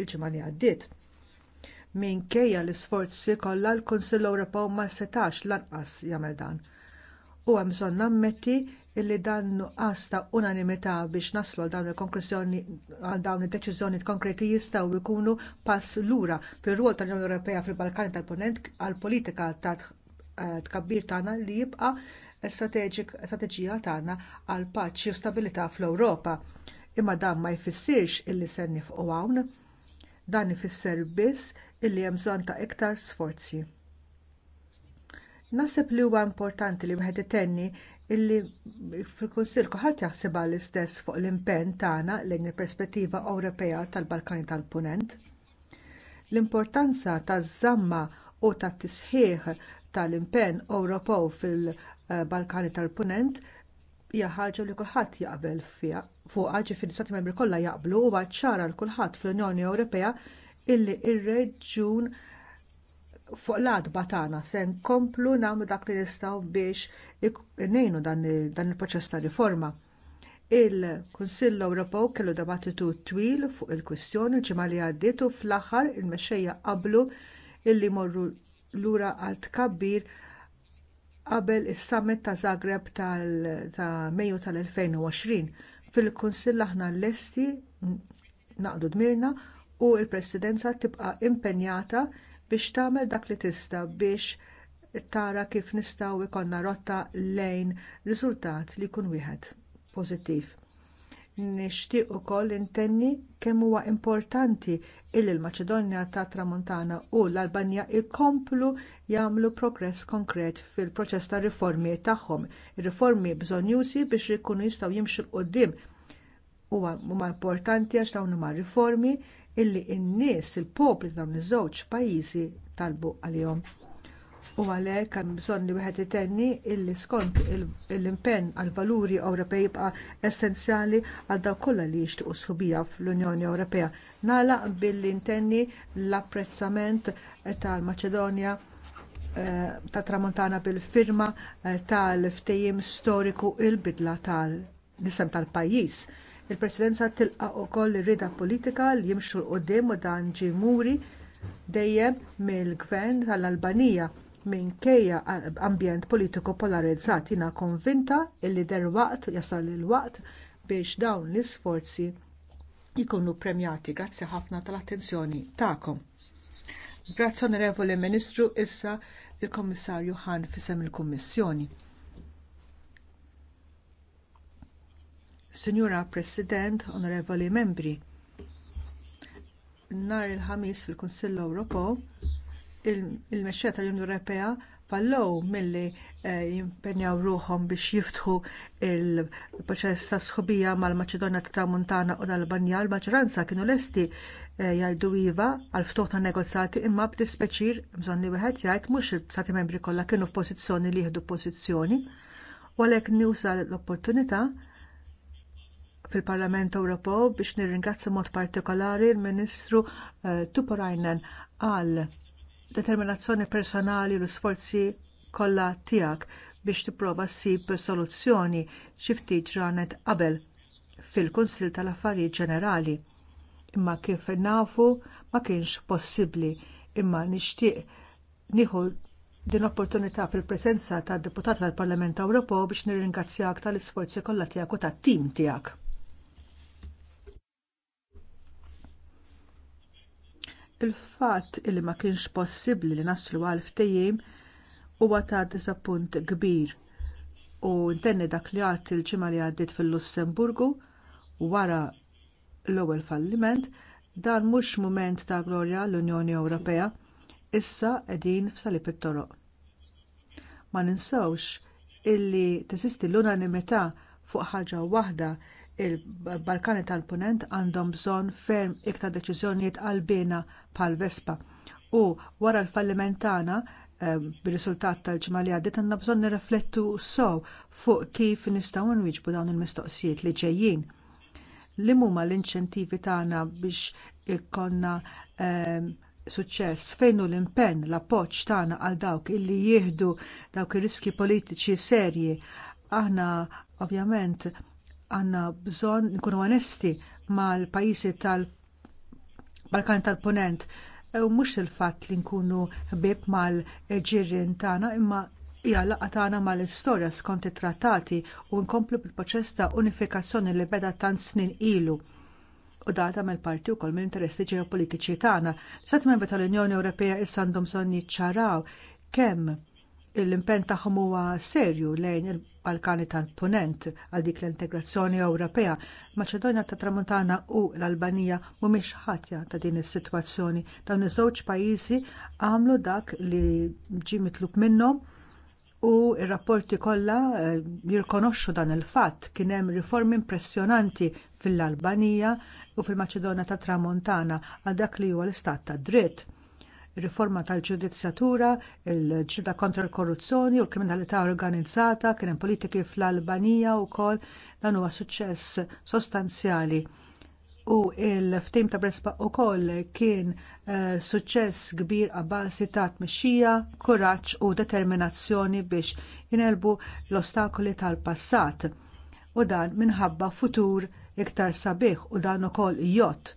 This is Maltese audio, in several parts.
il-ġimgħa li għaddiet. Minkejja l-isforzi kollha l-Kunsill Ewropew ma setax lanqas jagħmel dan. U hemm bżonn nammetti illi dan nuqqas ta' unanimità biex naslu għal dawn il-konklusjoni għal dawn id-deċiżjoni konkreti jistgħu jkunu pass lura fir-rwol tal-Unjoni Ewropea fil-Balkani tal-Punent għall politika ta' eh, tkabbir tagħna li jibqa' strateġija tagħna għal paċi u stabilità fl-Ewropa. Imma dan ma jfissirx illi se nifqu hawn Dan ifisser biss illi hemm bżonn ta' iktar sforzi. Naħseb li huwa importanti li wieħed itenni illi fil-Kunsill kulħadd jaħseb l-istess fuq l-impenn tagħna lejn il-perspettiva Ewropea tal-Balkani tal-Punent. L-importanza taż-żamma u tat-tisħiħ tal-impenn Ewropew fil-Balkani eh, tal-Punent hija ħaġa li kulħadd jaqbel fiha fuqha ġifieri stati membri kollha jaqblu u bad ċara l kulħadd fl-Unjoni Ewropea illi r reġjun fuq l-adba tagħna se nkomplu nagħmlu dak li nistgħu biex ngħinu dan il-proċess ta' riforma. Il-Kunsill Ewropew kellu dibattitu twil fuq il-kwistjoni ġimgħa li għaddiet u fl-aħħar il-mexxejja qablu illi morru lura għal tkabbir qabel is-summit ta' Zagreb ta' Mejju tal-2020 fil-Kunsill aħna lesti naqdu dmirna u l-Presidenza tibqa' impenjata biex tagħmel dak li tista' biex tara kif nistgħu jkollna rotta lejn riżultat li jkun wieħed pożittiv. Nixtieq ukoll intenni kemm huwa importanti illi l-Maċedonja tat Tramuntana u l albanja jkomplu jagħmlu progress konkret fil-proċess ta' riformi tagħhom. Ir-riformi bżonjusi biex ikunu jistgħu jimxu l qoddim huwa huma importanti għax dawn huma riformi illi n-nies il-popli dawn iż-żewġ pajjiżi talbu għalihom. U għalhekk hemm bżonn li wieħed itenni illi skont l-impenn għall valuri Ewropej jibqa' essenzjali għal dawk kollha li jixtiequ sħubija fl-Unjoni Ewropea. Nagħlaq billi ntenni l-apprezzament tal-Maċedonja Eh, ta' tramuntana bil-firma eh, tal-ftejim storiku l bidla tal-nisem tal-pajjiż. Il-presidenza tilqa' ukoll ir-rieda politika li jimxu l qudiem u dan ġie muri dejjem mill-gvern tal-Albanija minkejja ambjent politiku polarizzat jiena konvinta li waqt, jasal il-waqt biex dawn l-isforzi jkunu premjati. Grazzi ħafna tal-attenzjoni tagħkom. Grazzi Onorevoli Ministru issa il-Kommissarju Hahn fisem il-Kummissjoni. Sinjura President, Onorevoli Membri, nhar il-ħamis fil-Kunsill Ewropew il-mexxej tal-Unjoni Ewropea fallow milli eh, jimpenjaw ruħhom biex jiftħu l proċess ta' sħubija mal-Maċedonja ta' Tramuntana u l-Albanija, l-maġġoranza kienu lesti Eh, jgħidu iva għal ftuħ ta' negozjati imma b'dispeċir bżonn wieħed jgħid mhux il-Stati membri kollha kienu f'pożizzjoni li jieħdu pożizzjoni u għalhekk niwsa l-opportunità fil-Parlament Ewropew biex nirringrazzja mod partikolari l-Ministru eh, Tuporajnen għal determinazzjoni personali u l-sforzi kollha tiegħek biex tipprova ssib soluzzjoni xi ftit ġranet qabel fil-Kunsill tal-Affarijiet Ġenerali imma kif nafu ma kienx possibbli imma nixtieq nieħu din l-opportunità fil-presenza tad deputat tal-Parlament Ewropew biex nirringrazzjak tal-isforzi kollha tiegħek u tat-tim tiegħek. Il-fatt li ma kienx possibbli li naslu għal ftehim huwa ta' disappunt kbir u ntenni dak li għadt il-ġimgħa li għaddiet fil-Lussemburgu wara l-ewwel falliment dan mhux mument ta' glorja l-Unjoni Ewropea issa qegħdin f'salib it-toroq. Ma ninsewx illi teżisti l-unanimità fuq ħaġa waħda il-Balkani tal-Punent għandhom bżonn ferm iktar deċiżjonijiet qalbina bħal Vespa u wara l-falliment tagħna eh, bir-riżultat tal-ġimgħa li għaddiet għandna bżonn nirriflettu sew fuq kif nistgħu nwieġbu dawn il-mistoqsijiet li ġejjin li huma l-inċentivi tagħna biex ikkonna ehm, suċċess fejn hu l-impenn l-appoġġ tagħna għal dawk illi jieħdu dawk ir-riski politiċi serji. Aħna ovvjament għandna bżonn nkunu onesti mal-pajjiżi tal-Balkan tal-Punent u e, mhux il-fatt li nkunu ħbieb mal-ġirien tagħna imma hija laqgħa tagħna mal-istorja skont it-trattati u nkomplu bil-proċess ta' unifikazzjoni li beda tant snin ilu u data mill parti wkoll mill interessi ġeopolitiċi tagħna. Sat membri tal-Unjoni Ewropea issa għandhom bżonn jiċċaraw kemm l-impenn tagħhom huwa serju lejn il-Balkani tal-Punent għal dik l-integrazzjoni Ewropea. Maċedonja tat Tramuntana u l-Albanija mhumiex ħatja ta' din is-sitwazzjoni. Dawn iż-żewġ pajjiżi għamlu dak li ġie mitlub minnhom u r-rapporti kollha eh, jirkonoxxu dan il-fatt kien hemm riformi impressjonanti fil-Albanija u fil-Maċedonja tat Tramuntana għal dak li huwa l-istat tad dritt. Ir-riforma tal-ġudizzjatura, il-ġida kontra l-korruzzjoni u l-kriminalità organizzata kien hemm politiki fl-Albanija wkoll dan huwa suċċess sostanzjali u il-ftim ta' Brespa wkoll kien uh, suċċess kbir għabbalsi ta' tmexxija, kuraġġ u determinazzjoni biex jinelbu l-ostakoli tal-passat u dan minħabba futur iktar sabiħ u dan ukoll jott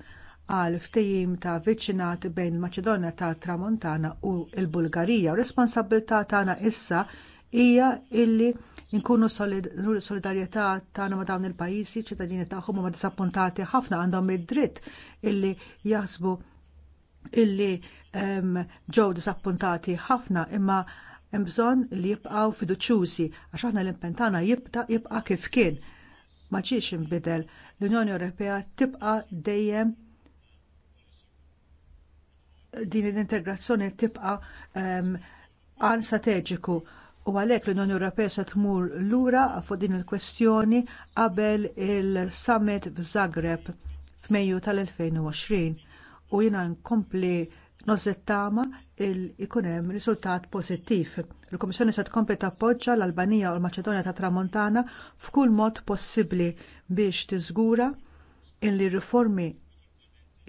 għal ftehim ta' viċinat bejn Maċedonja tat Tramuntana u l-Bulgarija. Responsabbilta' tagħna issa hija illi inkunu solidarjetà tagħna ma' dawn il-pajjiżi, ċittadini tagħhom huma disappuntati ħafna għandhom id-dritt illi jaħsbu illi ehm, ġew disappuntati ħafna imma hemm bżonn li jibqgħu fiduċjużi għax aħna l-impentana jibqa' kif kien. Ma ġiex inbidel l-Unjoni Ewropea tibqa' dejjem din l-integrazzjoni tibqa' ehm, għan strateġiku U għalhekk l-Unjoni Ewropea se tmur lura fuq din il-kwestjoni qabel il-summit f'Zagreb f'Mejju tal-2020 u jiena nkompli nożettama il ikun hemm riżultat pożittiv. Il-Kummissjoni se tkompli tappoġġa l-Albanija u l-Maċedonja tat Tramontana f'kull mod possibbli biex tiżgura li riformi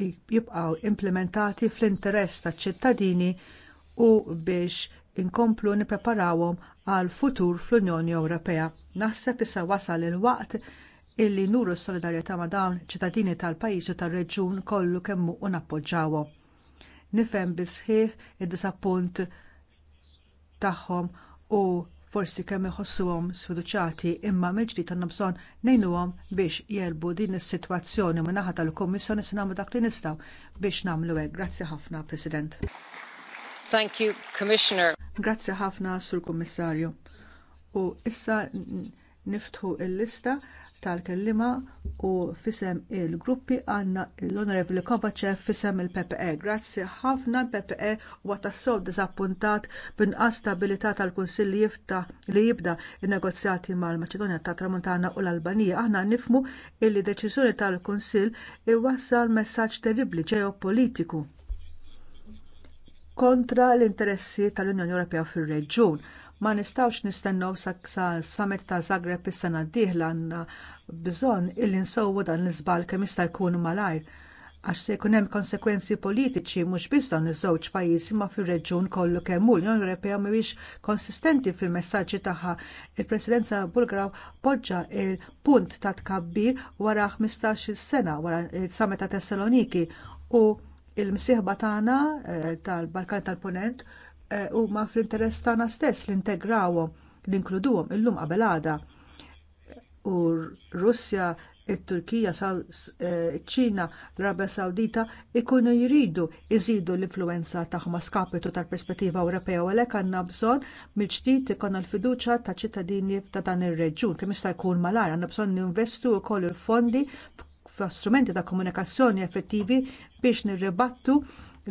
jibqgħu implementati fl-interess taċ-ċittadini u biex inkomplu nippreparawhom għal futur fl-Unjoni Ewropea. Naħseb issa wasal il-waqt illi nuru s-solidarjetà ma' dawn ċittadini tal-pajjiż u tar-reġjun kollu kemm u nappoġġawhom. Nifhem bi sħiħ id-disappunt tagħhom u forsi kemm iħossuhom sfiduċjati imma mill-ġdid għandna bżonn ngħinuhom biex jelbu din is-sitwazzjoni min-naħa tal-Kummissjoni se nagħmlu dak li nistgħu biex nagħmlu hekk. Grazzi ħafna, President. Thank you, Commissioner. Grazzi ħafna sur Kummissarju. U issa niftħu il-lista tal kelliema u fisem il-gruppi għandna l-Onorevoli Kovacev fisem il-PPE. Grazzi ħafna PPE u għatassob disappuntat b'inqas stabilità tal-Kunsill li jibda n negozjati mal-Maċedonja tat Tramuntana u l-Albanija. Aħna nifhmu li deċiżjoni tal-Kunsill iwassal messaġġ terribli ġeopolitiku kontra l-interessi tal-Unjoni Ewropea fir-reġjun. Ma nistgħux nistennew sa summit ta' Zagreb is-sena d-dieħla għandna bżonn illi nsowwu dan l-iżbal kemm jista' jkun malajr għax se jkun hemm konsekwenzi politiċi mhux biss dawn iż-żewġ pajjiżi ma fir-reġjun kollu kemm hu l-Unjoni Ewropea mhuwiex konsistenti fil-messaġġi tagħha. Il-Presidenza Bulgara poġġa l punt ta' tkabbir wara 15-il sena wara s summit ta' Thessaloniki u il-msieħba tagħna eh, tal-Balkan tal-Punent eh, huma fl-interess tagħna stess li integrawhom li inkluduhom illum qabel għada. U Russja, it-Turkija, ċ-Ċina, eh, l-Arabja Sawdita ikunu jridu iżidu l-influenza tagħhom skapitu tal-perspettiva Ewropea u għalhekk għandna bżonn mill-ġdid ikun l-fiduċja ta' ċittadini ta' dan ir-reġjun kemm jista' jkun malajr għandna bżonn ninvestu wkoll il-fondi f'strumenti ta' komunikazzjoni effettivi biex nirribattu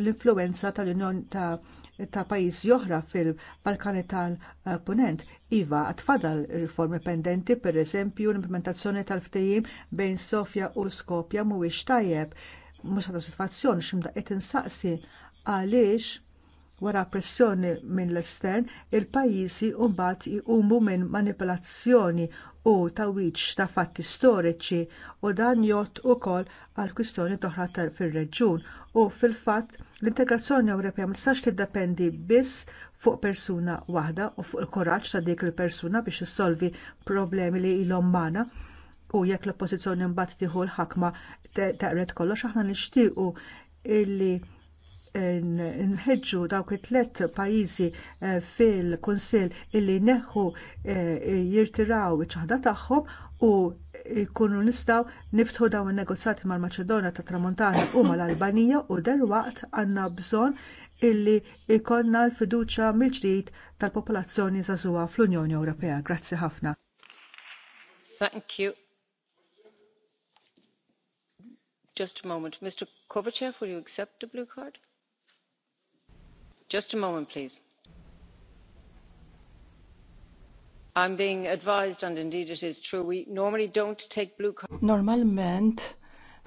l-influenza tal-Unjon ta', ta pajjiżi oħra fil-Balkani tal-Punent. Iva, tfadal riformi pendenti, pereżempju l-implementazzjoni tal-ftejim bejn Sofja u Skopja mhuwiex tajjeb. Mhux għas-sitwazzjoni x'imda qed insaqsi għaliex wara pressjoni minn l-estern il-pajjiżi mbagħad jqumu minn manipolazzjoni u tawiċ ta' fatti storiċi u dan jgħod ukoll għal kwistjoni toħra fir-reġjun u fil-fatt l-integrazzjoni Ewropea ma tistax tiddependi biss fuq persuna waħda u fuq il-kuraġġ ta' dik il-persuna biex issolvi problemi li ilhom magħna u jekk l-oppożizzjoni mbagħad tieħu l-ħakma taqret kollox aħna nixtiequ illi nħeġġu dawk it-tlet pajjiżi eh, fil-Kunsill illi jneħħu eh, jirtiraw iċ-ċaħda tagħhom u jkunu nistgħu niftħu dawn in-negozjati mal-Maċedonja tat Tramuntana u mal-Albanija u derwaqt għandna bżonn illi jkollna l-fiduċja mill-ġdid tal-popolazzjoni żagħżugħa fl-Unjoni Ewropea. Grazzi ħafna. Thank you. Just a moment. Mr. Kovachev, will you accept the blue card? just a moment please. I'm being advised and indeed it is true we normally don't take blue cards. Normalment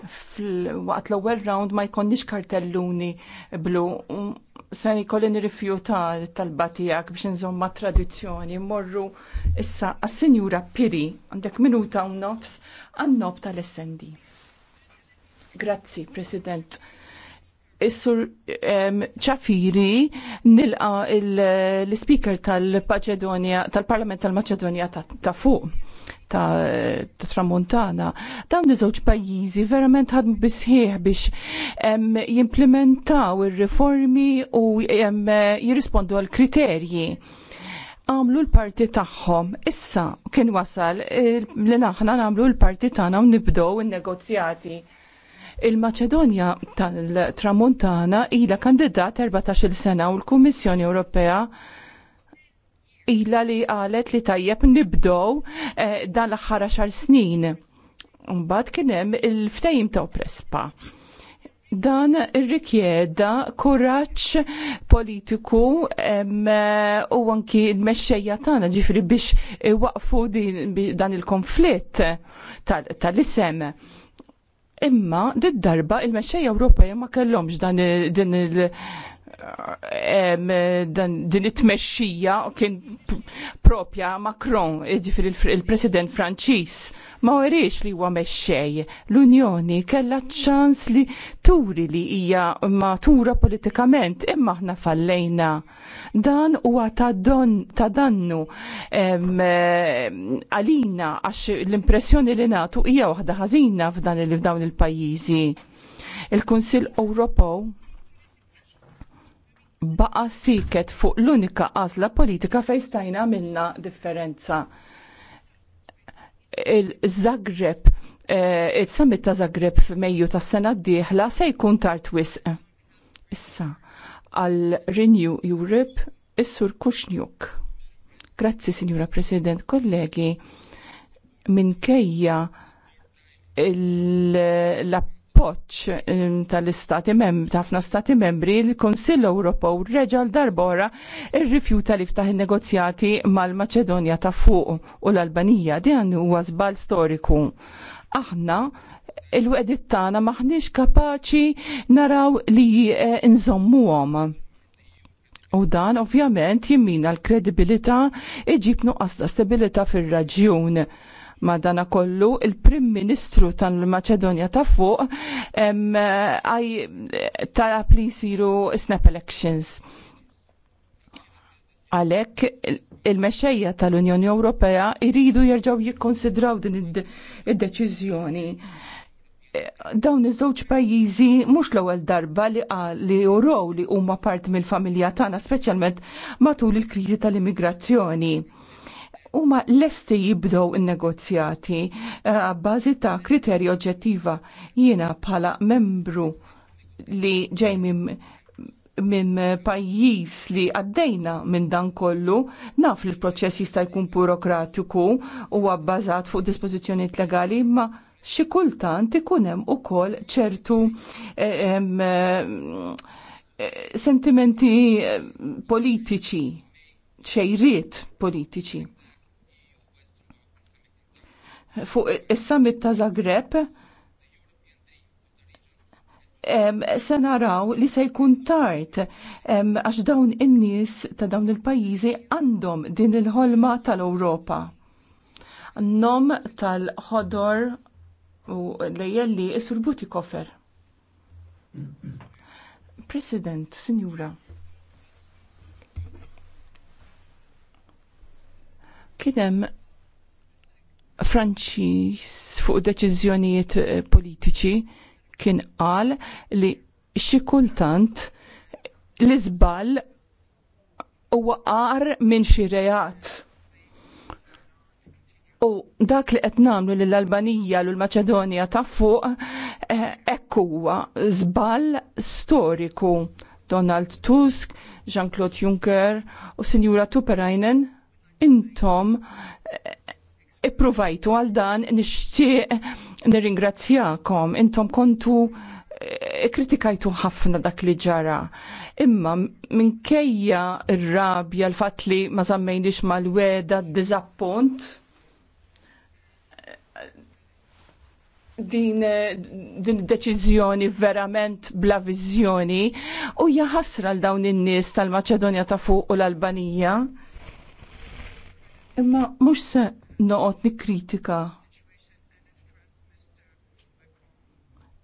fl waqt l-ewwel round ma jkollniex kartelluni blu um, se jkolli nirrifjuta talba tiegħek biex nżomm inżomma tradizzjoni morru issa as sinjura Piri għandek minuta u nofs għan-nob tal-essendi. Grazzi, President. Is-sur ċafiri nilqa l-speaker tal-Maċedonja tal-Parlament tal-Maċedonja ta' fuq ta' tramontana, dawn iż-żewġ pajjiżi verament ħadmu bisħieħ biex jimplementaw ir-riformi u jirrispondu għal kriterji għamlu l-parti tagħhom. Issa kien wasal eh, li naħna nagħmlu l-parti tagħna u nibdew in-negozjati. Il-Maċedonja tal-Tramuntana ila kandidat 14-il sena u l-Kummissjoni Ewropea ila li qalet li tajjeb nibdow eh, dan l-aħħar xar snin. Mbagħad kien hemm il-ftejim ta' Prespa dan irrikjeda kuraġġ politiku u anki l-mexxejja tagħna ġifieri biex iwaqfu dan il-konflitt tal-isem. Tal Imma did darba il-mexxej Ewropej ma kellhomx dan din il- din it-tmexxija kien propja Macron, ġifir il-President Franċiż ma weriex li huwa mexxej. L-Unjoni kellha ċans li turi li hija matura politikament imma aħna fallejna. Dan huwa ta' dannu għalina għax l-impressjoni li nagħtu hija waħda ħażina f'dan il f'dawn il-pajjiżi. Il-Kunsill Ewropew baqa siket fuq l-unika għażla politika fejn stajna minna differenza il-Zagreb, eh, il-summit ta' Zagreb f'Mejju tas sena d-dieħla se jkun tard wisq. Issa, għal Renew Europe, is-Sur Kuxnjuk. Grazzi, Signora President, kollegi, minkejja l-app bl-appoċ ehm, tal-istati membri, tafna stati membri, il-Konsill Ewropew reġa l-darbora ir-rifjuta li ftaħ negozjati mal-Maċedonja ta' fuq u l-Albanija dan huwa żball storiku. Aħna il-wedit tagħna maħniex kapaċi naraw li eh, nżommuhom. U dan ovvjament jimmina l-kredibilità iġib nuqqas ta' stabilità fir-raġjun Madana kollu il-Prim Ministru tal-Maċedonja ta' fuq għaj talab li jisiru snap elections. Għalek il-mexxejja tal-Unjoni Ewropea iridu jerġgħu jikkonsidraw din id-deċiżjoni. Dawn iż-żewġ pajjiżi mhux l-ewwel darba li qal li uraw li huma parti mill-familja tagħna speċjalment matul il-kriżi tal-immigrazzjoni huma lesti jibdow in-negozjati eh, bażi ta' kriterji oġġettiva jiena bħala membru li ġej minn pajjiż li għaddejna minn dan kollu, naf li l-proċess jista' jkun burokratiku u bbażat fuq dispożizzjonijiet legali, ma xi kultant ikun hemm ukoll ċertu eh, eh, sentimenti politiċi xejriet politiċi fuq is-summit ta' Zagreb se naraw li se jkun tard għax dawn in-nies ta' dawn il-pajjiżi għandhom din il-ħolma tal-Ewropa. Nom tal-ħodor u lejjelli isur Butikofer. President, Sinjura. Kien hemm Franċis fuq deċiżjonijiet eh, politiċi kien qal li xi kultant l-iżball huwa minn xi reat. U dak li qed nagħmlu lill-Albanija l maċedonja ta' fuq eh, hekk huwa żball storiku Donald Tusk, Jean-Claude Juncker u Sinjura Tuperainen intom eh, ippruvajtu għal dan nixtieq nirringrazzjakom intom kontu eh, kritikajtu ħafna dak li ġara. Imma minkejja r-rabja l-fat li ma zammejniex mal-weda d dizappont din din deċiżjoni verament bla viżjoni u jaħasra l dawn in-nies tal-Maċedonja ta' fuq u l-Albanija. Imma mhux se noqgħod nikkritika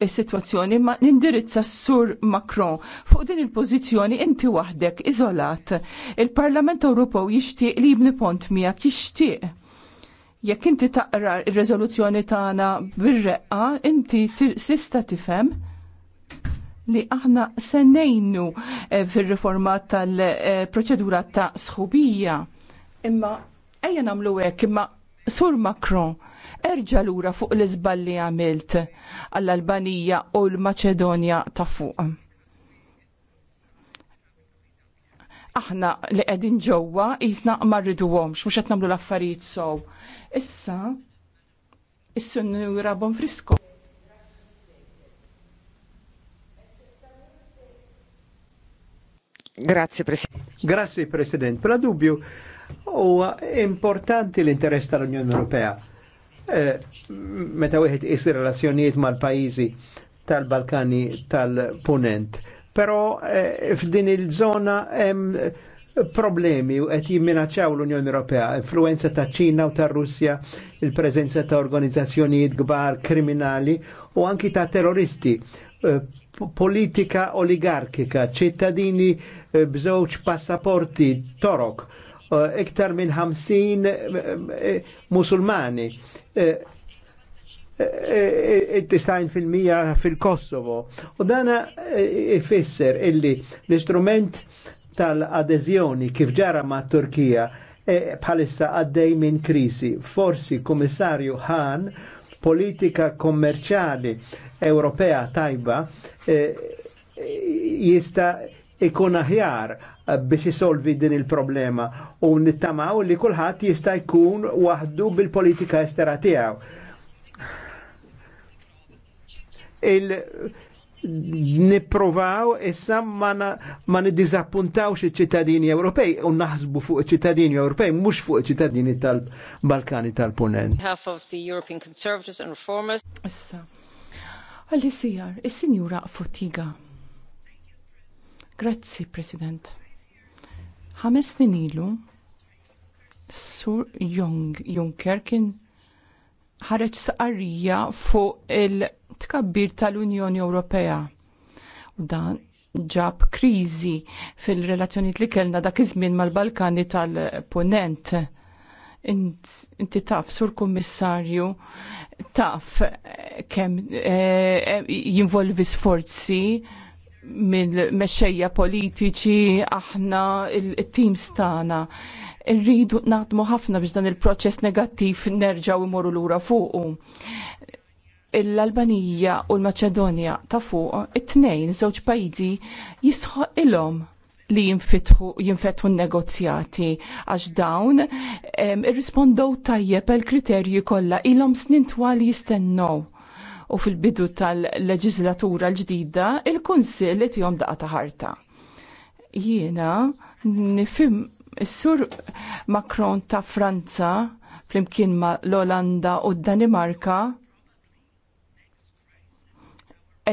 is-sitwazzjoni ma nindirizza s-sur Macron. Fuq din il-pożizzjoni inti waħdek iżolat. Il-Parlament Ewropew jixtieq li jibni pont miegħek jixtieq. Jekk inti taqra r-reżoluzzjoni tagħna bir-reqqa, inti tista' tifhem li aħna se ngħinu eh, fir-riforma tal-proċedura eh, ta' sħubija. Imma ejja nagħmlu hekk imma Sur Macron, erġa lura fuq l-iżbal li għamilt għall-Albanija u l-Maċedonja ta' fuq. Aħna li qegħdin ġewwa jisna ma rriduhomx mhux qed nagħmlu l-affarijiet sow. Issa is-Sinjura frisko. Grazie Presidente. Grazie Presidente. la dubbio, huwa importanti l-interess tal-Unjoni Ewropea. Eh, meta wieħed is relazzjonijiet mal-pajjiżi tal-Balkani tal-Punent. Però eh, f'din il-żona hemm problemi u qed jimminaċċaw l-Unjoni Ewropea, influenza ta' Ċina u ta' Russja, il-preżenza ta' organizzazzjonijiet kbar kriminali u anki ta' terroristi, eh, politika oligarkika, ċittadini bżewġ passaporti torok Eh, iktar minn 50 eh, eh, musulmani. il Tisajn fil-mija fil-Kosovo. U dana ifisser illi l-istrument tal adezjoni kif ġara ma' Turkija bħalissa għaddej minn krisi. Forsi komissarju Han politika kommerċali Ewropea tajba jista ikun aħjar biex isolvi din il-problema u nittamaw li kulħadd jista' jkun waħdu bil-politika estera tiegħu. Il nipprovaw issa ma nidizappuntawx iċ-ċittadini Ewropej u naħsbu fuq iċ-ċittadini Ewropej mhux fuq iċ-ċittadini tal-Balkani tal-Punent. Half of the European Conservatives and Reformers. Issa. Għalli sijar, is-sinjura Fotiga. Grazzi, President. Ħames snin ilu Sur Juncker kien ħareġ saqarrija fuq il-tkabbir tal-Unjoni Ewropea. U dan ġab kriżi fil-relazzjoniet li kellna dak iż-żmien mal-Balkani tal-Punent. Inti taf, sur kummissarju, taf eh, kemm eh, eh, jinvolvi sforzi mill-mexxejja politiċi aħna il team stana rridu naħdmu ħafna biex dan il-proċess negattiv nerġgħu imorru lura fuqu. L-Albanija u l-Maċedonja ta' fuq it-tnejn żewġ pajjiżi jistħoq ilhom li jinfetħu n-negozjati għax dawn irrispondow tajjeb għal kriterji kollha ilhom snin twal jistennew u fil-bidu tal-leġislatura l-ġdida il-Kunsill li tihom daqa ta' ħarta. Jiena nifim is-sur Macron ta' Franza flimkien ma' l-Olanda u d-Danimarka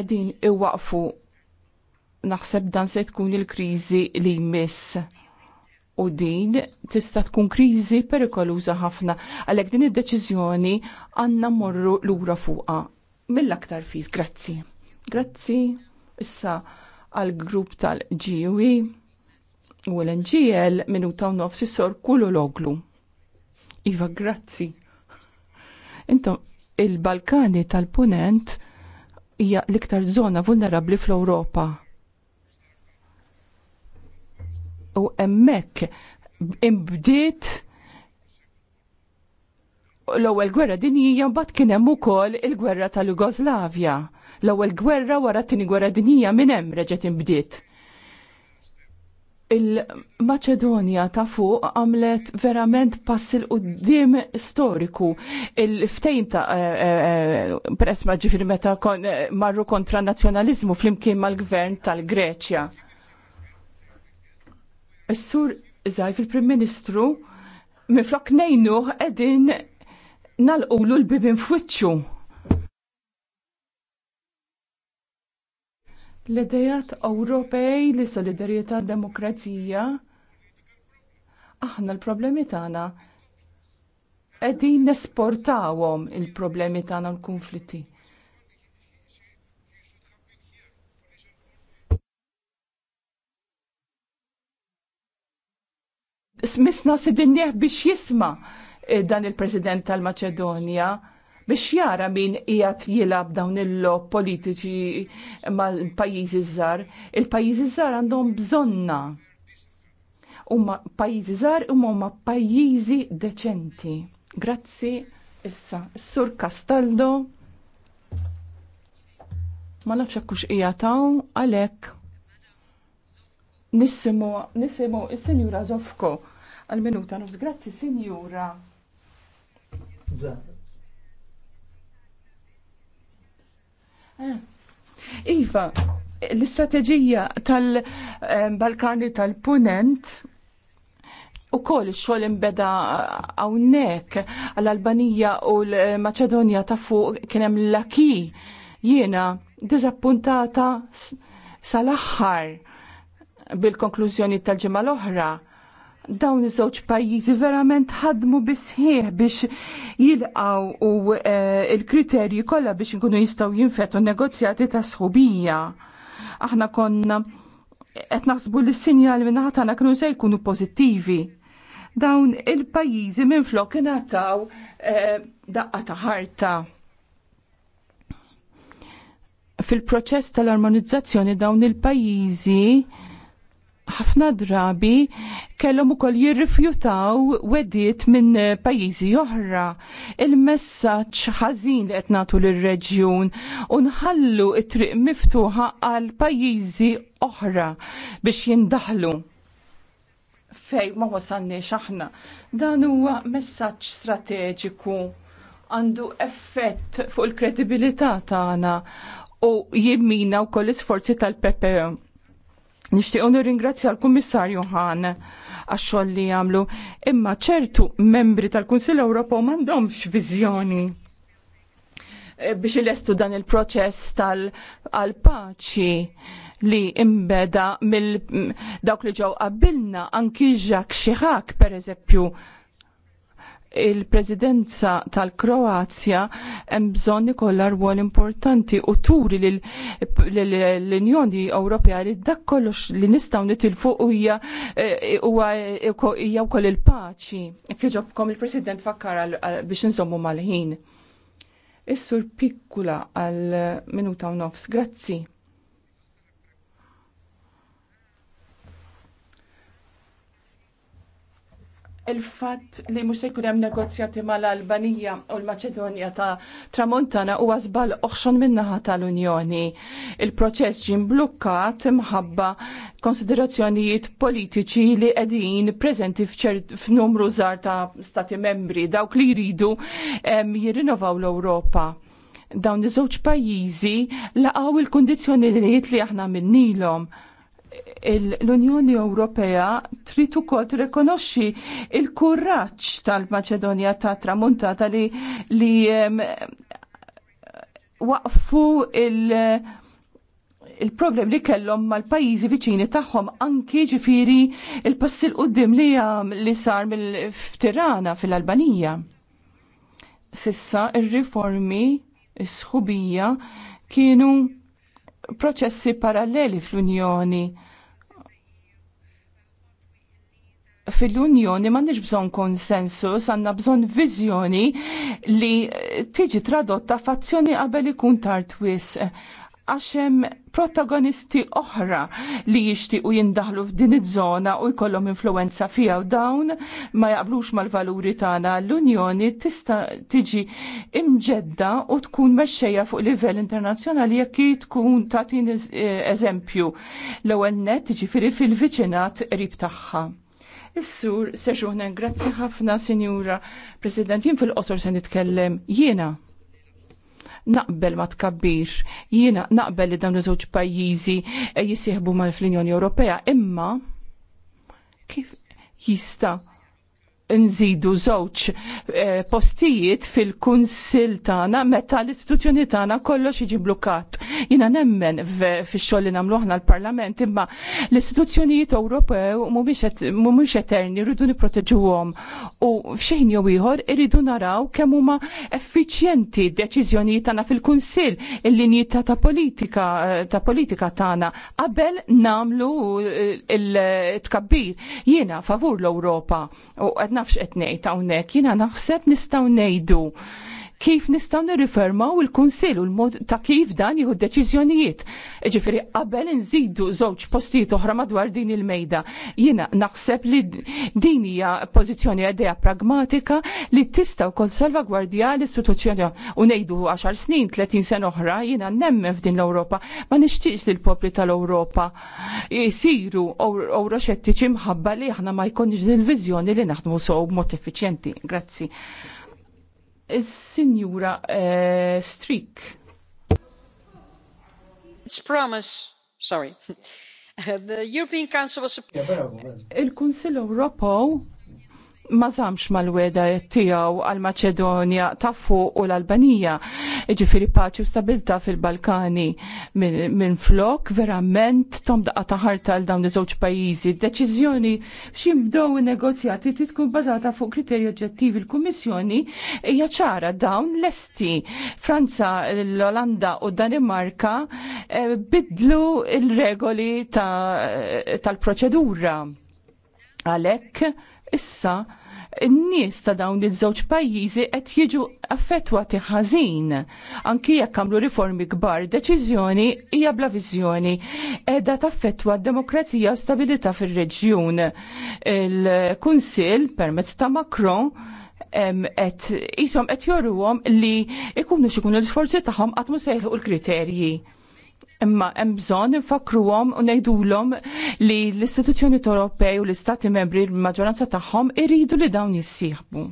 edin iwaqfu naħseb dan se tkun il-kriżi li jmiss. U din tista' tkun kriżi perikoluża ħafna għalhekk din id-deċiżjoni għandna morru lura fuqha mill-aktar fis. Grazzi. Grazzi issa għal grupp tal-GUE u e l-NGL minuta u nofs sor kullu loglu. Iva, grazzi. Intom, il-Balkani tal-Punent hija l-iktar zona vulnerabli fl-Ewropa. U emmek imbdiet l-ewwel gwerra dinjija mbagħad kien hemm ukoll il-gwerra tal-Jugoslavja. L-ewwel gwerra wara t-tieni gwerra dinjija minn hemm reġgħet inbdiet. Il-Maċedonja ta' fuq għamlet verament pass il qudiem storiku. Il-ftejn ta' eh, eh, eh, press ma' ġifir meta marru kontra nazjonalizmu fl-imkien mal-gvern tal-Greċja. Is-sur Zajf il-Prim Ministru miflok nejnuħ edin nalqulu l-bibin fwiċċu. L-idejat Ewropej li solidarjetà demokrazija aħna l-problemi tagħna qegħdin nesportawhom il-problemi tagħna l-konflitti. Smisna sidinnieħ biex jisma' Eh, dan il-President tal-Maċedonja biex jara min qiegħed jilab dawn il-lob politiċi mal-pajjiżi zzar. il pajizi zzar għandhom bżonna. Huma pajizi zzar huma huma pajjiżi deċenti. Grazzi issa Sur Castaldo. Ma nafx hekk hux qiegħed nissimo, għalhekk nisimu senjura Zofko al minuta nofs. Grazzi Sinjura. Eh. Iva, l-istrateġija tal-Balkani tal-Punent u koll xol imbeda għawnek għall-Albanija u l-Maċedonja ta' fuq kienem l-laki jiena dizappuntata sal-axħar bil-konklużjoni tal-ġimma l-oħra dawn iż-żewġ pajjiżi verament ħadmu bisħieħ biex jilqaw u eh, l kriterji kollha biex inkunu jistgħu jinfetu negozjati ta' sħubija. Aħna konna qed naħsbu lis sinjal minn ħatana kienu se jkunu pożittivi. Dawn il-pajjiżi minflok ingħataw eh, daqqa ta' ħarta. Fil-proċess tal-armonizzazzjoni dawn il-pajjiżi ħafna drabi kellhom ukoll jirrifjutaw weddiet minn pajjiżi oħra. Il-messaġġ ħażin li qed nagħtu lir-reġjun u nħallu t triq miftuħa għal pajjiżi oħra biex jindaħlu fej ma wasalniex aħna. Dan huwa messaġġ strateġiku għandu effett fuq il-kredibilità tagħna u jimmina wkoll l isforzi tal-PPM e unu nirringrazzja l-Kummissarju ħan għax-xogħol li jagħmlu, imma ċertu membri tal-Kunsill Ewropew m'għandhomx viżjoni eh, biex ilestu dan il-proċess tal-paċi li imbeda mill dawk li ġew qabilna anki Jacques per pereżempju il-prezidenza tal-Kroazja hemm bżonn ikollha rwol importanti u turi l-Unjoni Ewropea li dak kollox li nistgħu nitilfu hija eh, eh, wkoll il-paċi. Kieġobkom il-President Fakkar biex insommu mal-ħin. Is-sur pikkula għal minuta u nofs. Grazzi. il-fatt li mhux se jkun hemm negozjati mal-Albanija u l-Maċedonja ta' Tramontana huwa żball oħxon min-naħa tal-Unjoni. Il-proċess ġie mblukkat imħabba konsiderazzjonijiet politiċi li qegħdin preżenti f'numru żgħar ta' stati membri dawk li jridu jirrinnovaw l-Ewropa. Dawn iż-żewġ pajjiżi laqgħu il-kundizzjonijiet li aħna minnilhom l-Unjoni Ewropea trid ukoll tirrikonoxxi l kuraġġ tal-Maċedonja tat Tramuntata li, li waqfu il- il-problem li kellhom mal-pajjiżi viċini tagħhom anki ġifiri il-pass il qudiem li li sar mill-ftirana fil-Albanija. Sissa ir-riformi is-sħubija kienu proċessi paralleli fl-Unjoni fil-Unjoni ma nix bżon konsensus, għanna bżon vizjoni li tiġi tradotta fazzjoni qabel ikun tard wis għaxem protagonisti oħra li jishti u jindahlu f'din iż-żona u jkollhom influenza fija u dawn ma jaqblux mal-valuri tagħna l-Unjoni tista' tiġi imġedda u tkun mexxejja fuq livell internazzjonali jekk tkun tagħtin eżempju l-ewwel net tiġifieri fil-viċinat qrib tagħha. Is-sur seġuħna, grazzi ħafna, Sinjura President, jien fil-qosor se nitkellem jiena naqbel ma tkabbir, jiena naqbel li dawn iż-żewġ pajjiżi jisieħbu mal-Unjoni Ewropea, imma kif jista' nżidu żewġ eh, postijiet fil-kunsil tagħna meta l-istituzzjoni tagħna kollox jiġi blukkat. Jiena nemmen fix-xogħol li nagħmlu aħna l-Parlament imma l-istituzzjonijiet Ewropew mhumiex eterni rridu nipproteġuhom u f'xejn jew ieħor irridu naraw kemm huma effiċjenti d-deċiżjonijiet tagħna fil-kunsil il-linji ta' politika eh, ta' politika tagħna qabel nagħmlu eh, il-tkabbir. Jiena favur l-Ewropa u nafx qed ngħid hawnhekk, jiena naħseb nistgħu ngħidu kif nistgħu nirrifermaw il-Kunsill u l-mod ta' kif dan jieħu deċiżjonijiet. Ġifieri qabel nżidu żewġ postijiet oħra madwar din il-mejda. Jiena naħseb li din hija pożizzjoni idea pragmatika li tista' wkoll salvagwardja l-istituzzjoni u ngħidu 10 snin, 30 sena oħra jiena nemmen f'din l-Ewropa. Ma nixtieqx li l-popli tal-Ewropa jisiru Ewroxettiċi mħabba li aħna ma jkunx il-viżjoni li naħdmu sew b'mod effiċjenti. Grazzi is-Sinjura uh, eh, Strick. It's promise. Sorry. the European Council was... Il-Kunsill Ewropew ma zamx mal-weda tijaw għal-Maċedonja ta' fuq u l-Albanija, ġifiri paċi u stabilta fil-Balkani minn flok, verament tom daqqa taħarta għal dawn iż-żewġ pajjiżi. Deċiżjoni x'imdow negozjati titkun bazata fuq kriterji oġġettivi l-Kummissjoni hija ċara dawn lesti. Franza, l-Olanda u Danimarka eh, bidlu il-regoli eh, tal-proċedura. Għalhekk issa n-nies ta' dawn iż-żewġ pajjiżi qed jiġu affettwati ħażin. Anki jekk għamlu riformi kbar, deċiżjoni hija bla viżjoni qiegħda taffettwa d-demokrazija u stabilità fir-reġjun. Il-Kunsill permezz ta' Macron qed isom qed jorruhom li jkunu xikunu l-isforzi tagħhom qatt ma sejħu l-kriterji. Imma hemm bżonn infakruhom u ngħidulhom li l-istituzzjoni Ewropej u l-istati membri l-maġġoranza tagħhom iridu li dawn jissieħbu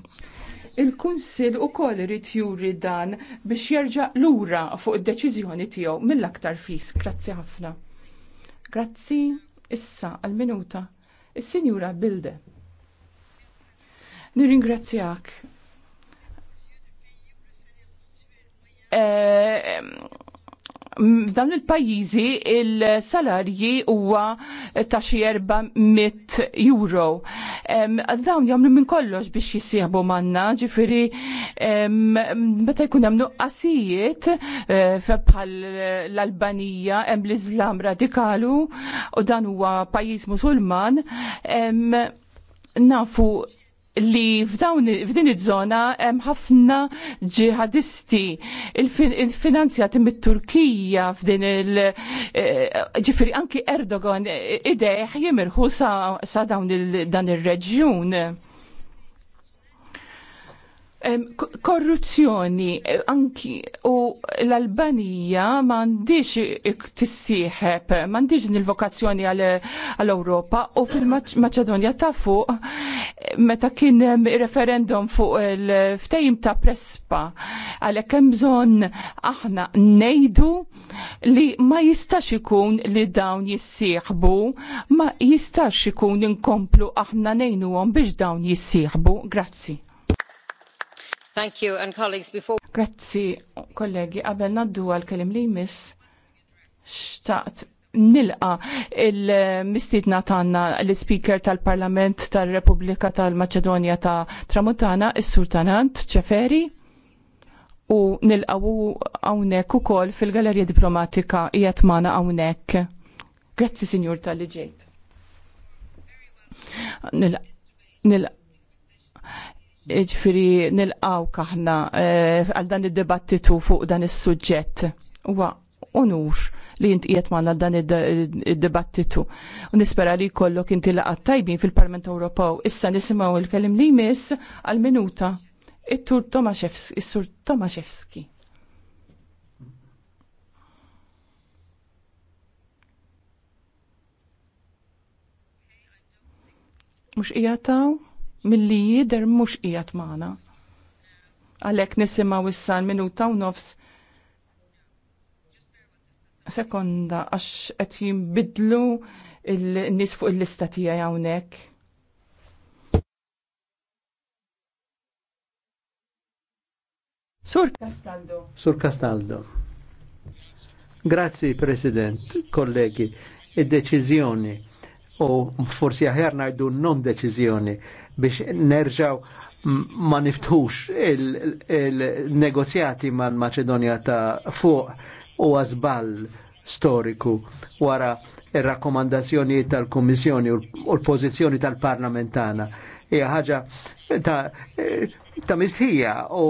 il-Kunsil u koll juri dan biex jerġa' lura fuq id-deċiżjoni tiegħu mill-aktar fis. Grazzi ħafna. Grazzi issa għal-minuta. Is-Sinjura Bilde. Nirringrazzjak F'dawn il-pajjiżi il-salarji huwa ta' xi 400 euro. Dawn jagħmlu minn kollox biex jissieħbu manna, ġifieri meta jkun hemm nuqqasijiet eh, bħal l-Albanija hemm l-Iżlam radikalu u dan huwa pajjiż Musulman nafu li f'dawn f'din iż-żona hemm ħafna ġihadisti il-finanzjati mit-Turkija f'din il eh, ġifieri anki Erdogan ideħ jimirħu sa, sa dawn il, dan ir-reġjun korruzzjoni eh, anki u l-Albanija m'għandix tissieħeb, m'għandix nil-vokazzjoni għall-Ewropa u fil macedonia ta' fuq meta kien referendum fuq il-ftejim ta' Prespa għalhekk hemm bżonn aħna ngħidu li ma jistax ikun li dawn jissieħbu, ma jistax ikun inkomplu aħna ngħinuhom biex dawn jissieħbu. Grazzi. Thank you and colleagues before Grazzi kollegi qabel naddu għal kelim li jmiss xtaqt nilqa il-mistidna tanna l-Speaker tal-Parlament tal-Repubblika tal-Maċedonja ta' Tramutana, is-Sur Tanant Ċeferi, u għawnek hawnhekk ukoll fil-Galerija Diplomatika qiegħed magħna hawnhekk. Grazzi Sinjur tal liġejt Nilqa ġifiri nilqaw kaħna eh, għal dan id-dibattitu fuq dan is-suġġett. Huwa unur li jint qiegħed magħna dan id-dibattitu. U nispera li jkollok inti laqgħat tajbin fil-Parlament Ewropew. Issa nisimgħu il-kelim li jmiss għal minuta it-tur Tomaszewski, is-sur Tomaszewski. Mux ijataw? milli jider mhux qiegħed magħna. Għalhekk nisimgħu issa minuta u nofs sekonda għax qed jinbidlu il-nies fuq il-lista tiegħi hawnhekk. Sur Castaldo. Sur Castaldo. Grazzi President, kollegi, id-deċiżjoni u forsi aħjar ngħidu non-deċiżjoni biex nerġaw ma niftħux il-negozjati il mal-Maċedonja ta' fuq u għazbal storiku wara il-rakkomandazzjoni tal komissjoni u l-pozizjoni tal-Parlamentana. Hija ħaġa ta', ta mistħija u,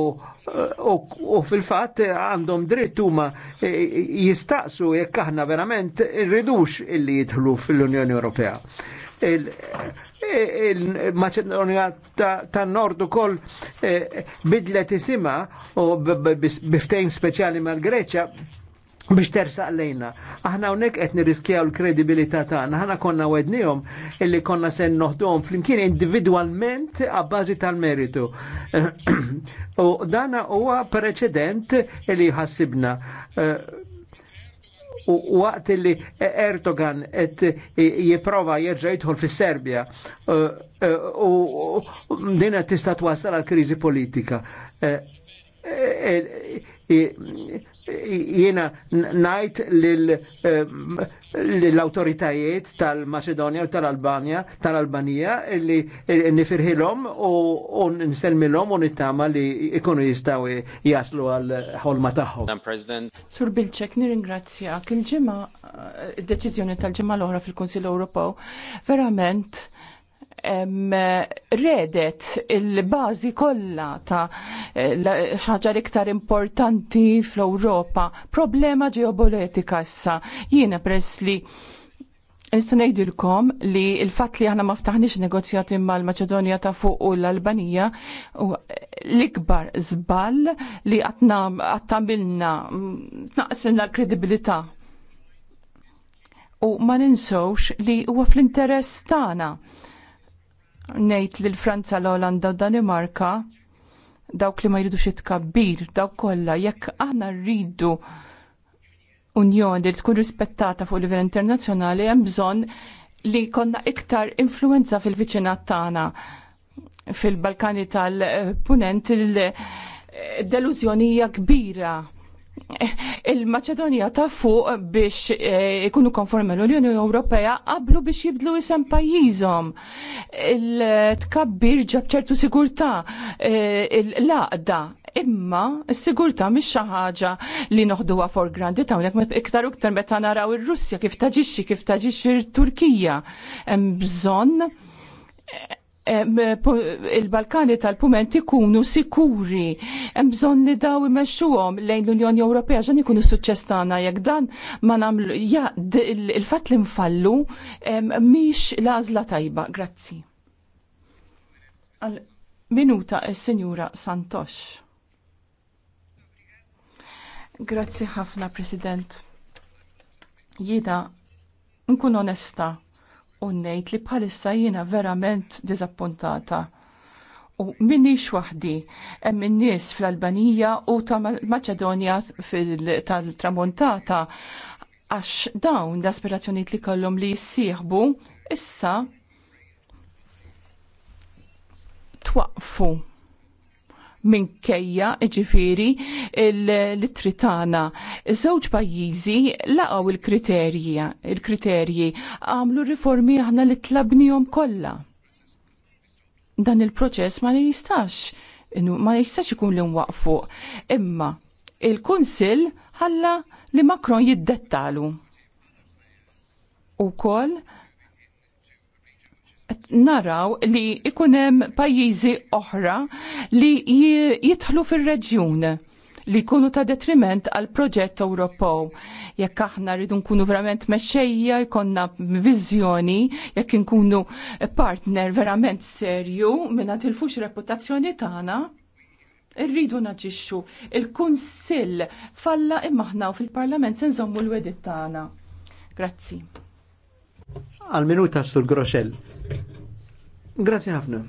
u, u fil-fatt għandhom dritt huma jistaqsu jekk aħna verament irridux illi jidħlu fil-Unjoni Ewropea E, e, il macedonia ta' Nord u koll e, bidlet isima u biftejn speċjali mal-Greċja biex tersaq lejna. Aħna unnek qed nirriskjaw l-kredibilità tagħna. Aħna konna wednihom illi konna se noħduhom flimkien individwalment għabbażi tal-meritu. u dana huwa preċedent li ħassibna. Uh, eh, u waqt li Erdogan et jiprova jirġa jidħol fi Serbia eh, eh, u dina tista' twasal għal kriżi politika. Eh, jiena najt l-autoritajiet eh, tal-Macedonia u tal-Albania, tal albania li nifirħilom u nselmilom u nittama li ikunu jistaw jaslu għal-ħolma taħħom. Sur Bilċek, nir-ingrazzja il-ġimma, eh, deċizjoni tal ġemma l-ohra fil-Konsil Ewropew, verament, redet il-bazi kollha ta' xaġa iktar importanti fl-Ewropa. Problema ġeopolitika issa. Jiena press li Issa ngħidilkom li l-fatt li aħna maftaħnix ftaħniex negozjati mal-Maċedonja ta' fuq u l-Albanija l-ikbar żball li għatna għattamilna tnaqsilna l-kredibilità. U ma ninsewx li huwa fl-interess tagħna ngħid lil Franza l-Olanda u Danimarka dawk li ma jridux itkabbir, dawk kollha jekk aħna rridu unjoni li tkun rispettata fuq livell internazzjonali hemm bżonn li konna iktar influenza fil-viċinat tagħna fil-Balkani tal-Punent il-deluzjonija eh, kbira il-Maċedonija ta' fuq biex eh, ikunu konformi l-Unjoni Ewropea qablu biex jibdlu isem pajjiżhom. Il-tkabbir ġab ċertu sigurtà eh, l-laqda imma s-sigurtà mhix xi ħaġa li noħduha for granted hawnhekk iktar u iktar meta naraw ir-Russja kif taġixxi kif taġixxi t-Turkija. Hemm bżonn il-Balkani tal-Pument ikunu sikuri. Hemm bżonn nidaw imexxuhom lejn l-Unjoni Ewropea ġan ikunu suċċess tagħna jekk dan ma nagħmlu ja il-fatt li nfallu mhix l-għażla tajba. Grazzi. Minuta is-Sinjura eh, Santosh. Grazzi ħafna, President. Jiena nkun onesta u ngħid li bħalissa jiena verament diżappuntata. U minix waħdi, hemm in-nies fl-Albanija u ta' Maċedonja tal-Tramuntata għax dawn l-aspirazzjoniet li kollhom li jissieħbu issa twaqfu minkejja ġifiri l-tritana. Żewġ pajjiżi laqgħu il-kriterji, il-kriterji għamlu riformi aħna li tlabnijom kollha. Dan il-proċess ma jistax, ma jistax ikun li nwaqfu. Imma il-Kunsill ħalla li Macron jiddettalu. U koll naraw li ikunem pajjiżi oħra li jitħlu fil-reġjun li jkunu ta' detriment għal proġett Ewropew. Jekk aħna rridu nkunu verament mexxejja, jkollna viżjoni, jekk nkunu partner verament serju minna tilfux reputazzjoni tagħna, rridu naġixxu. Il-Kunsill falla imma aħna fil-Parlament se nżommu l-wedit tagħna. Grazzi. Għal-minuta sur Groxel. Grazie ħafna.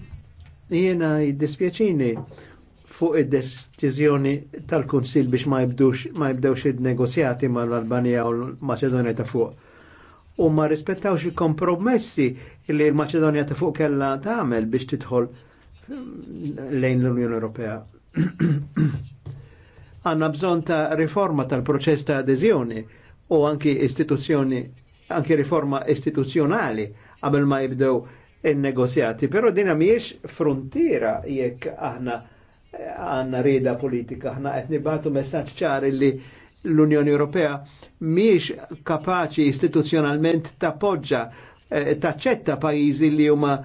Jiena jiddispjaċini fuq id-deċiżjoni tal-Kunsil biex ma jibdux ma jibdewx id-negozjati mal-Albanija u l-Maċedonja ta' fuq. U ma rispettawx il-kompromessi li l-Maċedonja ta' fuq kellha tagħmel biex tidħol lejn l-Unjoni Ewropea. Għanna bżon ta' riforma tal-proċess ta' adeżjoni u anki istituzzjoni anke riforma istituzzjonali qabel ma jibdew in-negozjati, però din mhijiex frontiera jekk aħna għanna rida politika, aħna qed nibatu messaġġ ċar li l-Unjoni Ewropea mhijiex kapaċi istituzzjonalment tappoġġa eh, taċċetta pajjiżi li huma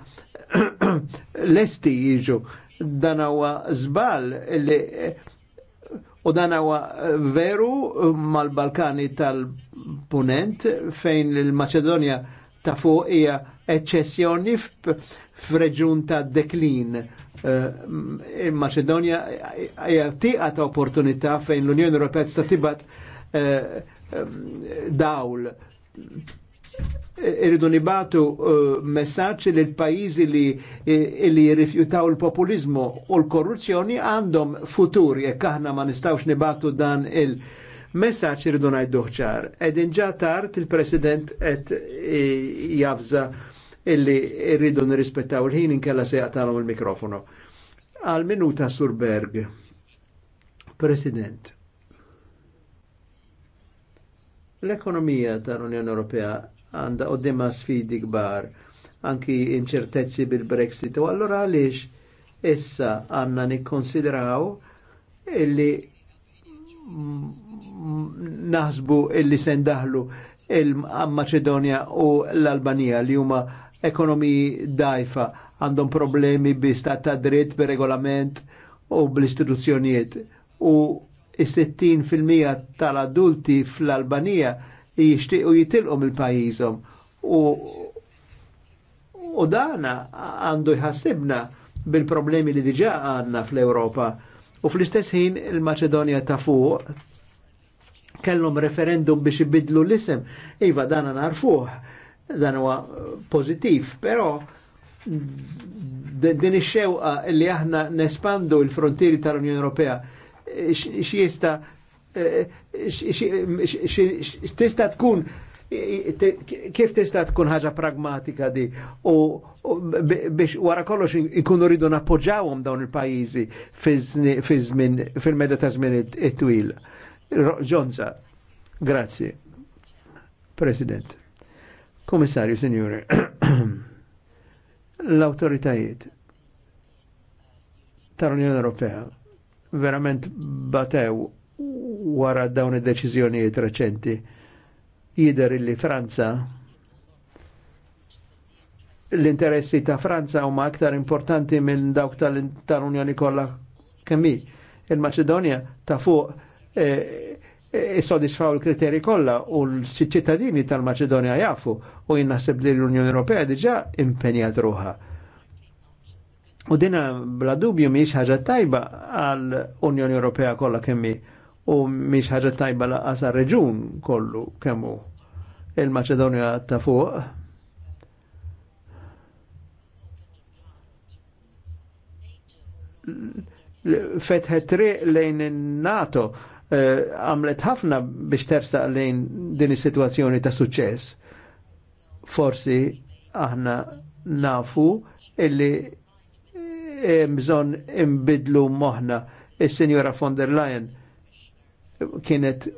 lesti jiġu dan huwa żball li eh, U dan huwa eh, veru eh, mal-Balkani tal-Punent fejn il-Maċedonja ta' fuq hija eċċessjoni f'reġun ta' deklin. Il-Maċedonja eh, hija tieqa ta' opportunità fejn l-Unjoni Ewropea tista' tibat dawl irridu nibatu uh, messaġġ li l-pajjiżi li rifjutaw il-populizmu u l-korruzzjoni għandhom futur jekk aħna ma nistawx nibatu dan il- Messaċ irridu najduħċar. ċar. Edin ġa tard il-President et jafza illi irridu nirrispettaw il-ħin inkella se jaqtalhom il mikrofono Għal minuta Surberg. President. L-ekonomija tal-Unjoni Ewropea għanda qoddima sfidi kbar, anki inċertezzi bil-Brexit. U allora għaliex issa għanna nikkonsidraw illi naħsbu illi sendaħlu il-Macedonia u l-Albanija li huma ekonomiji dajfa għandhom problemi bi stat ta' dritt, bi regolament u bl-istituzzjonijiet. U 60% tal-adulti fl-Albanija jixtiequ jitilqu mill pajjiżhom u u dana għandu jħassibna bil-problemi li diġa għanna fl-Europa u fl-istess ħin il macedonia ta' fuq kellhom referendum biex ibidlu l-isem. Iva dana narfuh, dan huwa pożittiv, però din ix-xewqa li aħna nespandu l-frontieri tal-Unjoni Ewropea x'jista' Eh, eh, tista tkun eh, kif tista tkun ħaġa pragmatika di u biex wara kollox ikunu rridu nappoġġawhom dawn il-pajjiżi fil medja ta' żmien it-twil. Ġonza, grazzi. President. Komissarju, Signore. L-autoritajiet tal-Unjoni Ewropea verament batew wara dawn id-deċiżjonijiet reċenti jider li Franza l-interessi ta' Franza huma aktar importanti minn dawk tal-Unjoni kollha kemm Il-Maċedonja ta' fuq jissodisfaw e, e, il-kriteri kollha u l-ċittadini tal-Maċedonja jafu u jinnaħseb li l-Unjoni Ewropea diġà impenjat ruha. U dina bla dubju miex ħaġa tajba għall-Unjoni Ewropea kollha kemm u miex ħaġa tajba laqas reġun kollu kemmu il-Maċedonja ta' fuq. Fetħet triq lejn il-NATO eh, għamlet ħafna biex tersa lejn din is-sitwazzjoni ta' suċċess. Forsi aħna nafu illi eh, bżon imbidlu moħna. Is-Sinjora von der Leyen kienet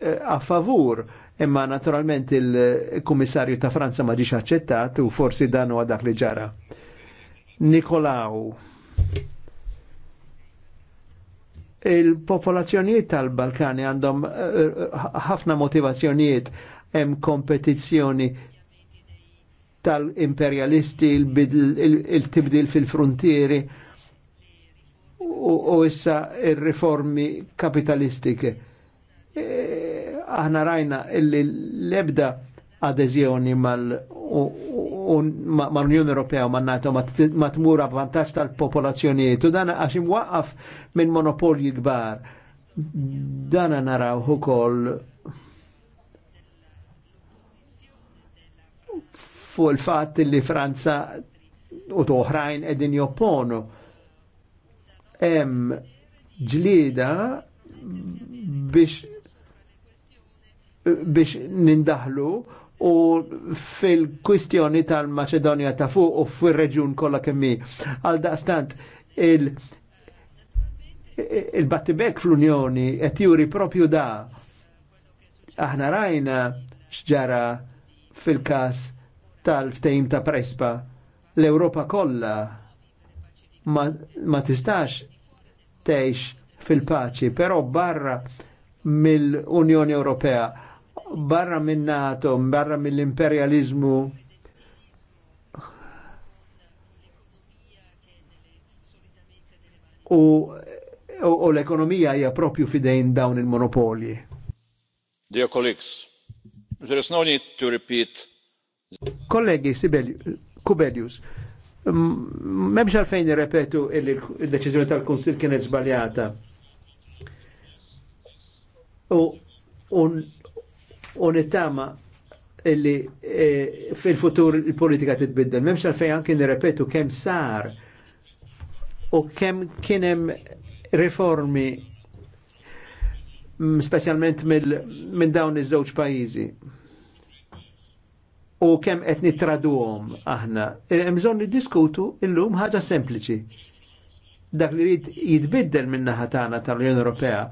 eh, a favur imma naturalment il-kummissarju ta' Franza ma ġiex aċċettat u forsi dan huwa dak li ġara. Nikolaw. Il-popolazzjonijiet tal-Balkani għandhom eh, ħafna motivazzjonijiet hemm kompetizzjoni tal-imperialisti, il-tibdil fil-frontieri, il u issa il riformi kapitalistike. E, aħna rajna illi l-ebda adeżjoni mal-Unjoni Ewropea u mannato ma tmur vantaġġ tal-popolazzjonijiet u dan għax imwaqqaf minn monopolji kbar. Dan naraw ukoll fuq il-fatt li Franza u toħrajn edin jopponu hemm ġlieda biex biex nindaħlu u fil-kwistjoni tal macedonia ta' fuq u fil-reġun kollha kemmi. Għal daqstant il- il-battibek fl-Unjoni qed juri propju da. Aħna rajna xġara fil-każ tal-ftehim ta' Prespa l-Ewropa kollha ma, ma tistax teħx fil-paċi, pero barra mill-Unjoni Ewropea, barra minn NATO, barra mill-imperializmu u, u, u l-ekonomija hija propju fidejn dawn il monopoli Dear colleagues, there is no need to repeat. Kollegi Sibelius, Kubelius, memx għalfejn irrepetu il-deċizjoni tal konsil kienet zbaljata. U unittama illi e, fil-futur il-politika titbiddel. Memx għalfejn anki nirrepetu kem sar u kem kienem riformi specialment minn dawn iż-żewġ pajjiżi u kemm qed nittraduhom aħna. E, hemm bżonn niddiskutu illum ħaġa sempliċi. Dak li jrid jitbiddel min-naħa tagħna tal-Unjoni Ewropea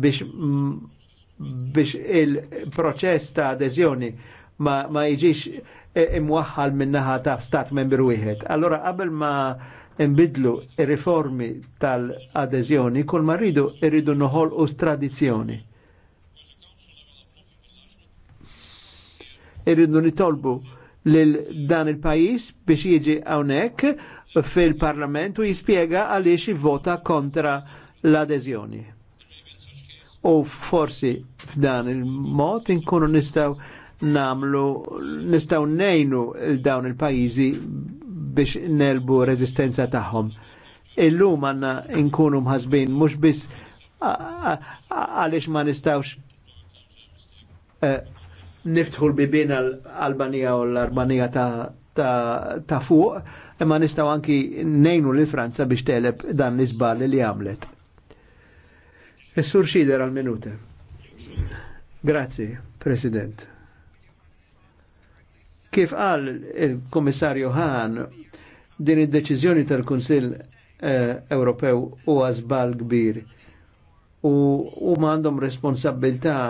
biex biex il-proċess ta' adeżjoni ma, ma jiġix e, imwaħħal min-naħa ta' stat membru wieħed. Allora qabel ma nbidlu riformi tal-adeżjoni kull ma rridu irridu noħolqu tradizzjoni irridu nitolbu lil dan il-pajis biex jiġi hawnhekk fil-Parlament u jispjega għaliex jivvota kontra l-adeżjoni. U forsi f'dan il-mod inkunu nistaw namlu nistaw nejnu dawn il-pajizi biex nelbu rezistenza tagħhom. Illum għanna inkunu mħasbin mhux biss għaliex ma nistawx eh, niftħu l-bibin għal-Albanija u l arbanija ta', ta, ta fuq, imma nistaw anki nejnu li Franza biex teleb dan l-izbal li għamlet. Is-sur xider għal-minuta. Grazzi, President. Kif qal il-Komissarju Hahn, din id-deċiżjoni tal-Kunsill eh, Ewropew huwa żball kbir u għandhom responsabilta'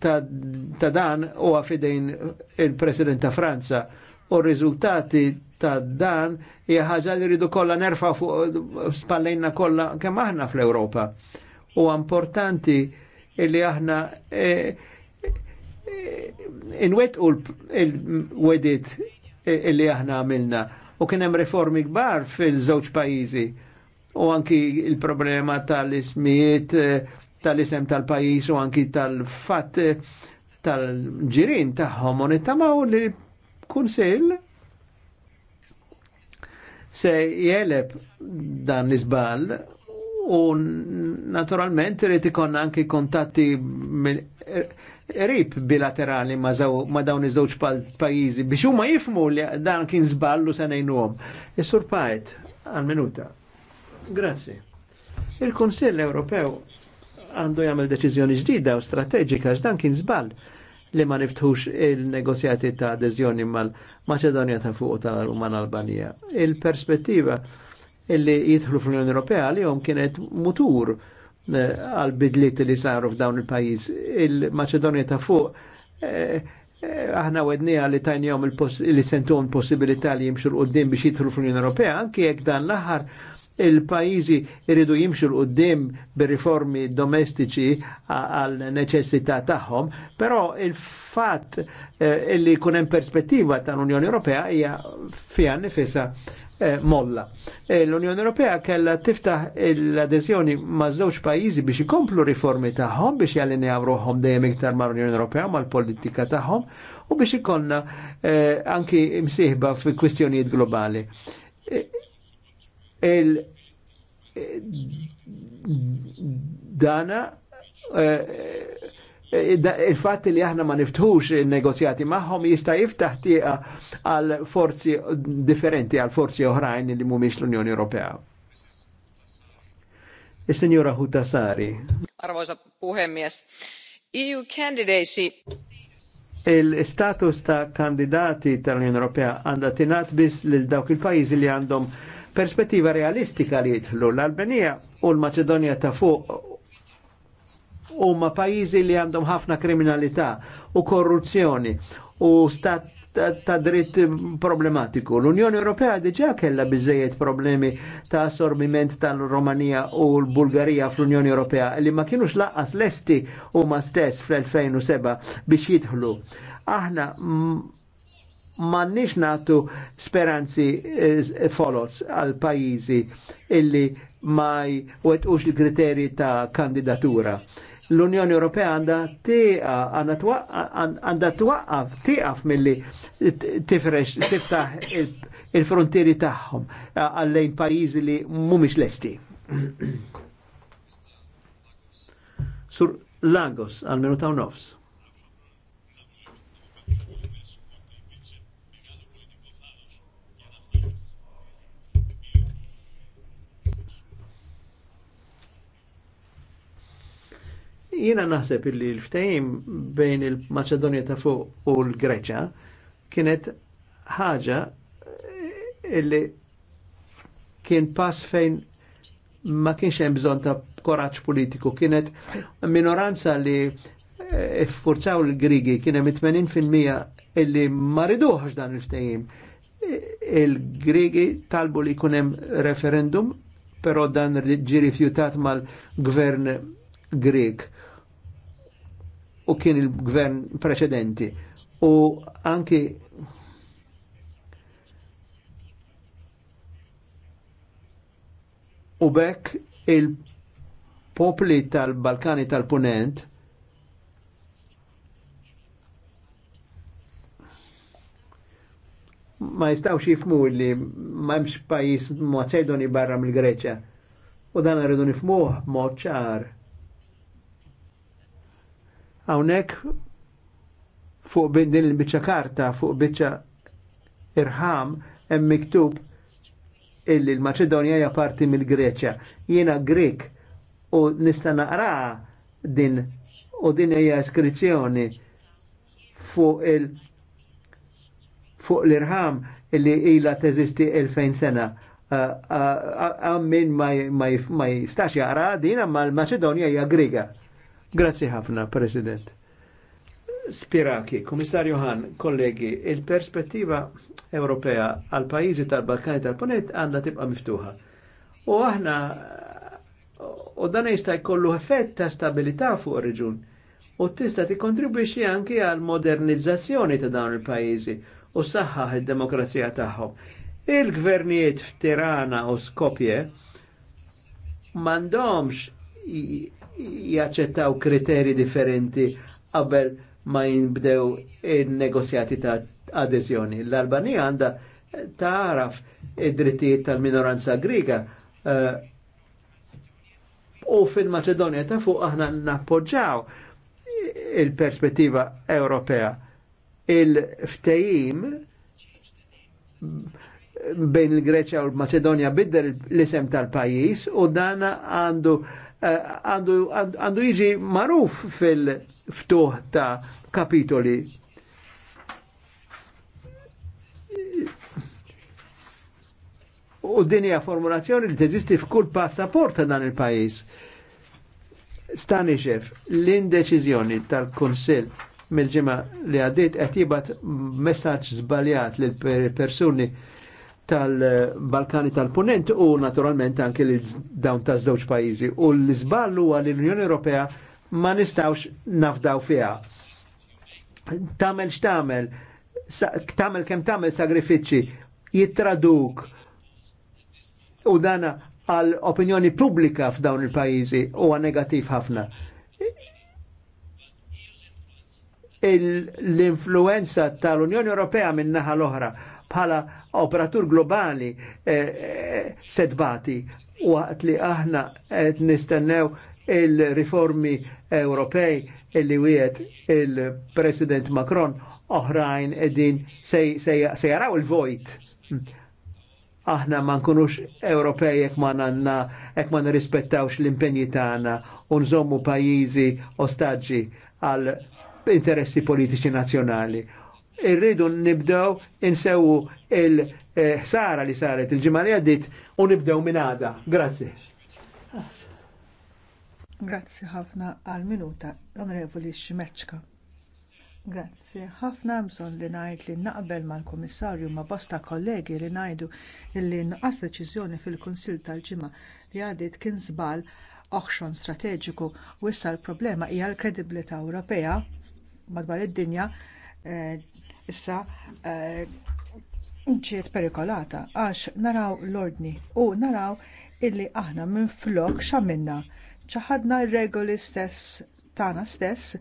ta', ta dan u għafidejn il-President ta' Franza u rizultati riżultati ta' dan hija li rridu kolla nerfa' fuq spallejna kollha kemm aħna fl europa U importanti li aħna e, e, inwet u l-wedit li aħna għamilna. U kien hemm reformi kbar fil-żewġ pajjiżi u anki il-problema tal-ismijiet tal-isem tal-pajis u anki tal-fat eh, tal-ġirin taħħom u nittamaw li kunsil se jeleb dan l-izbal u naturalment rrit ikon anki kontatti rib bilaterali ma, zaw, ma dawn iż-żewġ pajjiżi biex huma jifmu li dan kien żballu se ngħinuhom. Is-sur Pajt għal minuta. Grazzi. Il-Kunsill Ewropew għandu jagħmel deċiżjoni ġdida u strateġika x'dan kien żball li ma niftħux il-negozjati ta' adeżjoni mal-Maċedonja ta' fuq ta' u mal-Albanija. Il-perspettiva illi jidħlu fl-Unjoni Ewropea li jom kienet mutur eh, għal bidliet li saru f'dawn il-pajis. Il-Maċedonja ta' fuq eh, eh, aħna wednija li tajnijom li sentum possibilità li u d-din biex jidħlu fl-Unjoni Ewropea, anki jekk dan l-aħħar il-pajizi iridu jimxu l-qoddim bir-riformi domestiċi għal neċessità tagħhom, però il-fatt eh, li kunem perspettiva tal-Unjoni Ewropea hija fija nifisa eh, molla. Eh, L-Unjoni Ewropea kella tiftaħ l-adesjoni ma' żewġ pajjiżi biex ikomplu riformi tagħhom biex jallinjaw ruħhom dejjem iktar mal-Unjoni Ewropea mal-politika tagħhom u biex ikonna eh, anki msieħba fi kwistjonijiet globali il dana eh, eh, il-fatt li aħna ma niftħux il-negozjati maħħom jista' jiftaħ tieqa għal forzi differenti, għal forzi oħrajn li mumiex l-Unjoni Ewropea. Is-Sinjora Hutasari. Arvoza puhemies, EU candidacy il-status ta' kandidati tal-Unjoni Ewropea għandha tingħat biss lil dawk il pajizi li għandhom perspettiva realistika li jitħlu l-Albanija u l-Maċedonja ta' fuq huma pajjiżi li għandhom ħafna kriminalità u korruzzjoni u stat ta' dritt problematiku. L-Unjoni Ewropea diġa kella biżejjed problemi ta' assorbiment tal-Romanija u l-Bulgarija fl-Unjoni Ewropea li ma kienux laqas lesti u ma stess fl-2007 biex jidħlu. Aħna mannix natu speranzi eh, folos għal pajizi illi ma jwetqux il-kriteri ta' kandidatura. L-Unjoni Ewropea għandha tieqa għandha twaqqaf tieqaf milli tifrex tiftaħ il-frontieri tagħhom għallejn pajjiżi li mhumiex lesti. Sur Lagos għal minuta u nofs. Jiena naħseb illi l-ftehim bejn il-Maċedonja ta' fuq u l-Greċa kienet ħaġa eh, illi kien pass fejn ma kienx hemm bżonn ta' koraġġ politiku, kienet minoranza li iffurzaw eh, l-Grigi, kien hemm 80% illi ma riduħx dan il-ftehim. Eh, Il-Grigi talbu li jkun hemm referendum, però dan ġiri rifjutat mal-gvern Grek u kien il-gvern preċedenti. U anki u bekk il-popli tal-Balkani tal-Punent ma jistaw xifmu li ma jimx pajis Macedoni barra mill-Greċa. U dan rridu nifmuħ mod Hawnhekk fuq bin din il bicċa karta, fuq bicċa irħam, hemm miktub illi l-Maċedonja hija parti mill-Greċja. Jiena Grek u nista' naqra din u din hija iskrizzjoni fuq il fuq l-irħam illi ila teżisti 2000 sena. Għammin ma jistax jaqra din, ma l-Maċedonja hija grega. Grazzi ħafna, President. Spiraki, Komissar Han, kollegi, il-perspettiva Ewropea għal pajjiżi tal-Balkani tal punet għandha tibqa' miftuħa. U aħna u dan jista' jkollu effett ta' stabilità fuq ir-reġun u tista' tikkontribwixxi anke għal modernizzazzjoni ta' dawn il-pajjiżi u saħħaħ id-demokrazija tagħhom. Il-gvernijiet f'Tirana u Skopje m'għandhomx jaċċettaw kriteri differenti qabel ma jinbdew il-negozjati ta' adeżjoni. L-Albanija għanda taraf id-drittijiet tal-minoranza griga uh, u fil-Maċedonja ta' fuq aħna nappoġġaw il-perspettiva Ewropea. Il-ftejim bejn il-Greċja u l-Macedonia bidder l-isem tal-pajis u dan għandu eh, għandu għandu jiġi maruf fil-ftuħ ta' kapitoli. U dinja formulazzjoni li teżisti f'kull passaport ta' dan il-pajis. Stanishev, l-indeċizjoni tal-Konsil mill-ġimgħa li għaddit qed jibgħat messaġġ żbaljat lil persuni -per tal-Balkani tal-Punent u naturalment anke l dawn ta' żewġ pajjiżi. U l-iżballu għal l-Unjoni Ewropea ma nistawx nafdaw fiha. Tamel x'tamel, tamel kemm tamel sagrifiċċi jittraduk u dana għal opinjoni pubblika f'dawn il-pajjiżi huwa negattiv ħafna. l-influenza tal-Unjoni Ewropea minn naħa l-oħra bħala operatur globali eh, eh, sedbati waqt li aħna qed nistennew il-riformi Ewropej illi wiet il-President Macron oħrajn edin se jaraw il-vojt. Aħna ma nkunux Ewropej jekk ma nanna, jekk ma nirrispettawx l-impenji tagħna u nżommu pajjiżi ostaġġi għal interessi politiċi nazzjonali irridu nibdew insewu il-ħsara li saret il-ġimgħa li għaddit u nibdew minn għada. Grazzi. Grazzi ħafna għal minuta l-Onorevoli Ximeċka. Grazzi ħafna bżonn li ngħid li naqbel mal-Kummissarju ma' bosta kollegi li ngħidu li nqas deċiżjoni fil-Kunsill tal-ġimgħa li għaddit kien żball oħxon strateġiku u issa l-problema hija l-kredibilità Ewropea madwar id-dinja eh, issa ġiet eh, perikolata għax naraw l-ordni u naraw illi aħna minflok x'għamilna ċaħadna r-regoli stess tagħna stess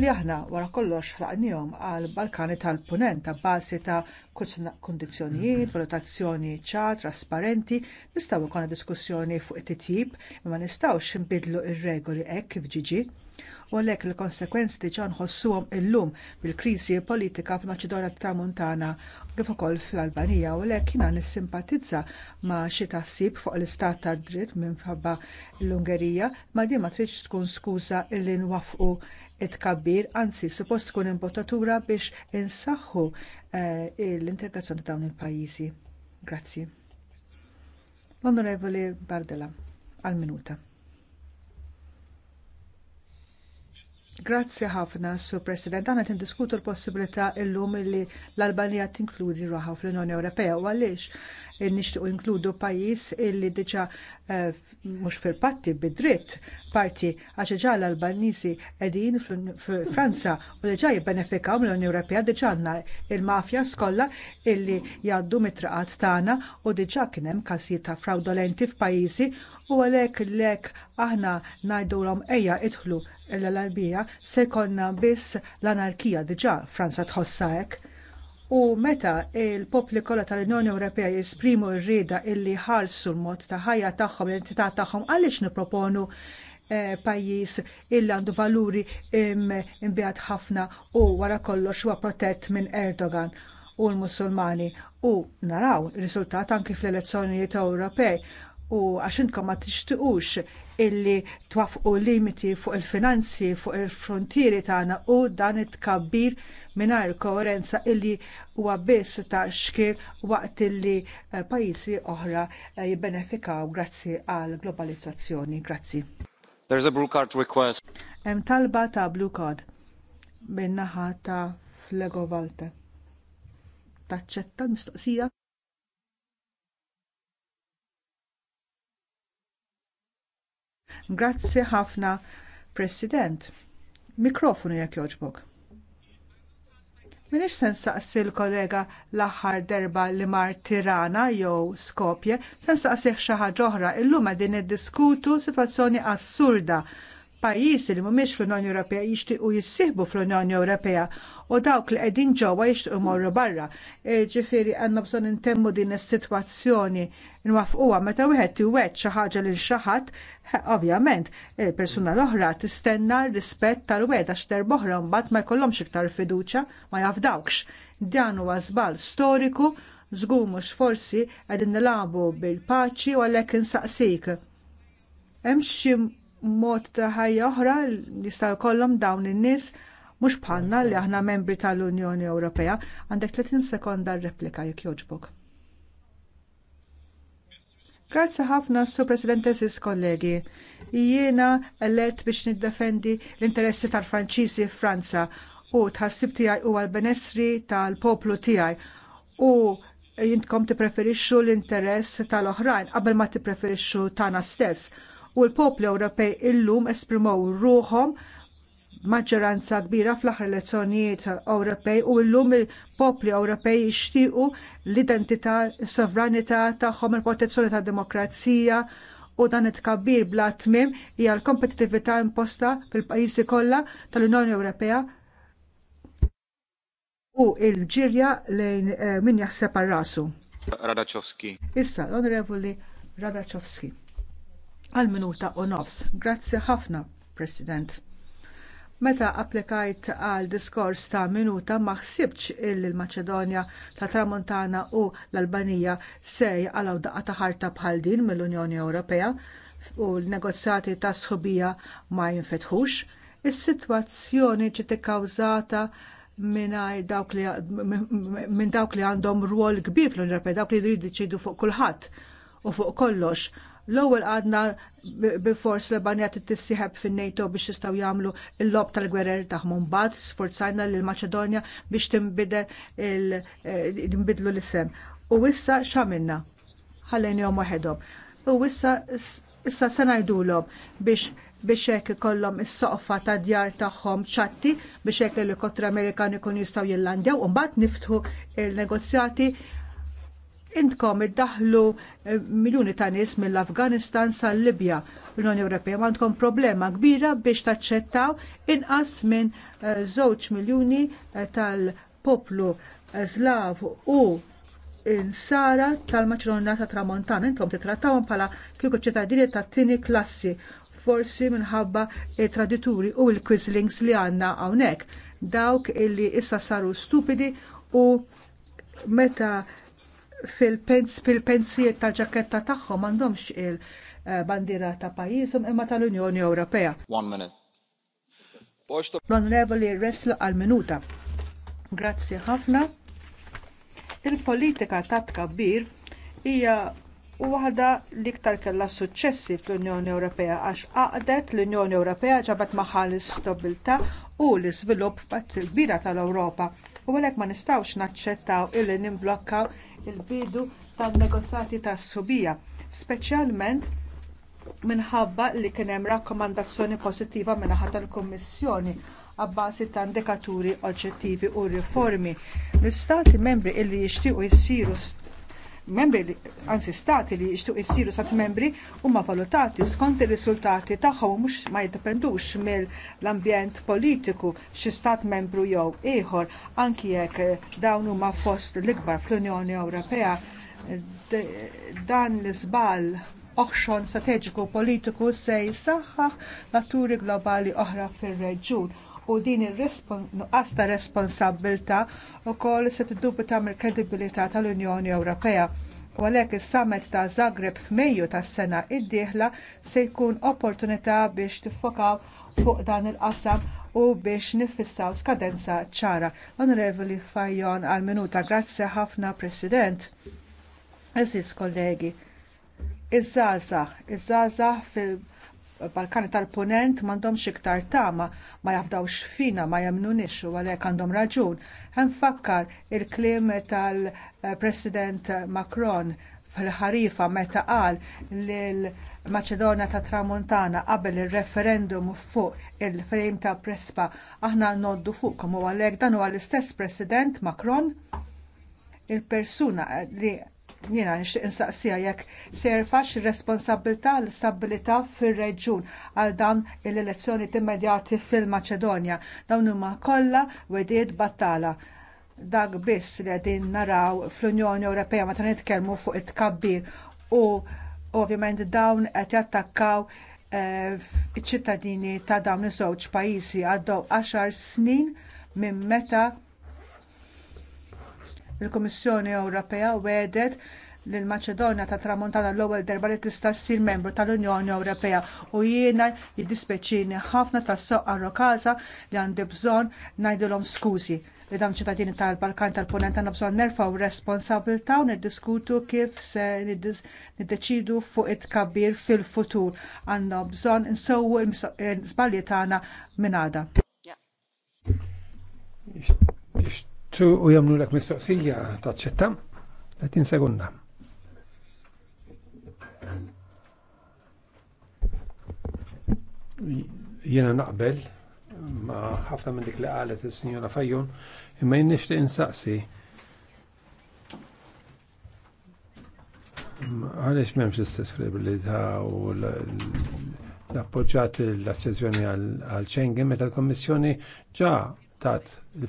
li aħna wara kollox ħlaqnihom għall Balkani tal-Punent ta' bażi ta' kundizzjonijiet, valutazzjoni ċar, trasparenti, nistgħu jkollna diskussjoni fuq it-titjib, imma nistgħux nbiddlu r regoli hekk kif ġiġi u għalhekk il-konsekwenzi diġà nħossuhom illum bil-kriżi politika f'Maċedonja Tramuntana kif ukoll fl-Albanija u għalhekk jiena nissimpatizza ma' xi taħsib fuq l-istat ta' dritt minħabba l-Ungerija ma din ma tridx tkun skuża illi nwafqu it-tkabbir, anzi suppost tkun imbottatura biex insaħħu eh, l-integrazzjoni ta' dawn il-pajjiżi. Grazzi. L-Onorevoli Bardella, għal minuta. Grazzi ħafna, Sur President. Għana tindiskutu l-possibilità illum li l-Albanija tinkludi ruħa fl-Unjoni Ewropea u għaliex nixtiequ inkludu pajjiż illi diġà eh, mhux fil-patti bid-dritt parti għax ġa l-Albaniżi qegħdin fil-Franza u diġà jibbenefikaw mill-Unjoni Ewropea diġà għandna il-mafja skolla illi jgħaddu mit-traqat tagħna u diġà kien hemm każijiet ta' fraudolenti f'pajjiżi u għalhekk lek aħna ngħidulhom ejja idħlu l arbija se jkollna biss l-anarkija diġà Franza tħossha hekk. U meta l popli kollha tal-Unjoni Ewropea jesprimu r-rieda illi ħarsu l-mod ta' ħajja tagħhom, l-entità tagħhom, għaliex nipproponu eh, pajjiż illi għandu valuri imbjat ħafna u wara kollox huwa protett minn Erdogan u l-Musulmani u naraw ir riżultat anki fl-elezzjonijiet Ewropej u għax inkom ma tixtiqux illi twafqu limiti fuq il-finanzi fuq il-frontieri tagħna u dan it-tkabbir mingħajr koerenza illi huwa biss ta' xkil waqt illi eh, pajjiżi oħra eh, jibbenefikaw grazzi għall globalizzazzjoni. Grazzi. There's a blue card request. Hemm talba ta' blue card min-naħa ta' Flego Valta. Taċċetta l-mistoqsija? Grazzi ħafna, President. Mikrofonu jekk jogħġbok. Minix sen saqsi l-kollega l-aħħar derba li mar Tirana jew Skopje, sen saqsih xi ħaġa oħra, illum din iddiskutu sitwazzjoni assurda pajjiżi li mhumiex fl-Unjoni Ewropea jixtiequ jissieħbu fl-Unjoni Ewropea u dawk li qegħdin ġewwa jixtiequ morru barra. E, ġifieri għandna bżonn intemmu din is-sitwazzjoni nwaffquha meta wieħed tiwet xi ħaġa lil xi ħadd, ovvjament il-persuna l-oħra tistenna r-rispett tal-wed għax darb'oħra mbagħad ma jkollhomx iktar fiduċja ma jafdawx. Dan huwa żball storiku żgur mhux forsi qegħdin nilagħbu bil-paċi u għalhekk insaqsik. Hemm xi mod ta' ħajja oħra li jista' jkollhom dawn in-nies mhux bħalna li aħna membri tal-Unjoni Ewropea għandek 30 sekonda replika jekk jogħġbok. Grazzi ħafna su President Esis kollegi. Jiena elett biex niddefendi l-interessi tal-Franċiżi f'Franza, u tħassib tiegħi huwa l-benessri tal-poplu tiegħi u jintkom tippreferixxu l-interess tal-oħrajn qabel ma tippreferixxu tagħna stess. U l-poplu Ewropej illum esprimew ruħhom maġġoranza kbira fl-aħħar elezzjonijiet Ewropej u llum il-popli Ewropej jixtiequ l-identità, s-sovranità tagħhom il-protezzjoni tad-demokrazija u dan it-tkabbir bla tmiem hija l-kompetitività imposta fil-pajjiżi kollha tal-Unjoni Ewropea u l ġirja lejn eh, min jaħseb rasu. Radaċowski. Issa, l-Onorevoli Radaċowski. Għal minuta u nofs. Grazzi ħafna, President. Meta applikajt għal diskors ta' minuta ma ħsibx illi l-Maċedonja ta' Tramuntana u l-Albanija se jaqalaw daqqa ta' ħarta bħal din mill-Unjoni Ewropea u l-negozjati ta' sħubija ma jinfetħux. Is-sitwazzjoni ġiet ikkawżata minn dawk li għandhom rwol kbir fl-Unjoni Ewropea, dawk li jridu jċidu fuq kulħadd u fuq kollox L-ewwel għadna bifors l banjat tissieħeb fin-NATO biex jistgħu jagħmlu l-lob tal-gwerer tagħhom mbagħad sforzajna lil Maċedonja biex tinbidel eh, tinbidlu l-isem. U issa x'għamilna? Ħallejnihom waħedhom. U issa issa se ngħidulhom biex biex hekk ikollhom is-soqfa ta' djar tagħhom ċatti biex hekk l elikotter Amerikan ikun jistgħu jillandjaw u mbagħad niftħu il-negozjati intkom iddaħlu eh, miljuni ta' nies mill-Afganistan sal-Libja. L-Unjoni Ewropea għandkom problema kbira biex taċċettaw inqas minn eh, żewġ miljuni eh, tal-poplu Slav u insara tal-Maċedonja ta' Tramontana. Intom titrattawhom bħala kieku ċittadini ta' tieni klassi forsi minħabba traditturi u l-Quislings li għandna hawnhekk dawk illi issa saru stupidi u meta fil-pensijiet tal-ġaketta tagħhom m'għandhomx il-bandira eh, ta' pajjiżhom imma tal-Unjoni Ewropea. One minute. L-Onorevoli Reslu għal-minuta. Grazzi ħafna. Il-politika ta' tkabbir hija waħda l-iktar kellha suċċessi fl-Unjoni Ewropea għax għaqdet l-Unjoni Ewropea ġabet magħha l-istabilta u l-iżvilupp kbira tal-Ewropa. U għalhekk ma nistawx naċċettaw illi nimblokkaw il-bidu tan-negozjati tas-subija, speċjalment minħabba li kien hemm rakkomandazzjoni pożittiva min tal-Kummissjoni għabbażi ta' indikaturi oġġettivi u riformi. L-istati membri illi jixtiequ jsiru membri, anzi stati li jixtiequ isiru sat membri huma valutati skont ir-riżultati tagħhom mhux ma jiddependux mill-ambjent politiku xi stat membru jew ieħor anki jekk eh, dawn huma fost l-ikbar fl-Unjoni Ewropea dan l-isbal oħxon strateġiku politiku se jsaħħaħ naturi globali oħra fir-reġjun u din ir-nuqqas ta' responsabbilta wkoll se tiddubita mill-kredibilità tal-Unjoni Ewropea. U għalhekk is-summit ta' Zagreb f'Mejju tas-sena d-dieħla se jkun opportunità biex tiffokaw fuq dan il-qasam u biex niffissaw skadenza ċara. Onorevoli Fajon għal minuta, grazzi ħafna President. Eżis kollegi, iż-żazax, iż-żazax fil- balkani tal-Punent m'għandhomx iktar tama ma jafdawx fina ma jemnunix u għalhekk għandhom raġun. fakkar il-klim tal-President Macron fil-ħarifa meta qal lil Maċedonja tat Tramuntana qabel ir referendum fuq il frame ta' Prespa aħna noddu fuqkom u għalek dan huwa l-istess President Macron il-persuna li Jiena nixtieq insaqsija jekk se jerfax ir-responsabbiltà l-istabilità fir-reġjun għal dawn l-elezzjoni immedjati fil-Maċedonja. Dawn huma kollha wedijiet battala. Dak biss li qegħdin naraw fl-Unjoni Ewropea meta nitkellmu fuq it-tkabbir u ovvjament dawn qed jattakkaw eh, iċ-ċittadini ta' dawn iż-żewġ pajjiżi għaddew għaxar snin minn meta Il-Kummissjoni Ewropea wedet lil maċedonja tat Tramuntana l-ewwel darba li tista' ssir membru tal-Unjoni Ewropea u jiena jiddispeċini ħafna tas-soqqa rokaza li għandi bżonn ngħidulhom skużi li dawn ċittadini tal-Balkan tal-Punent għandna bżonn nerfgħu responsabilità u niddiskutu kif se niddeċidu fuq it-tkabbir fil-futur. Għandna bżonn insewwu l-żbalji tagħna minn għada. Tu u jamlu l-ek mistoqsija taċċetta? Għetin sekunda. Jena naqbel ma ħafna minn dik li qalet il-Sinjora Fajjon, imma jien nixtieq insaqsi għaliex m'hemmx istess kredibilità u l-appoġġat l-aċċeżjoni għal ċengi meta l-Kommissjoni ġa tat l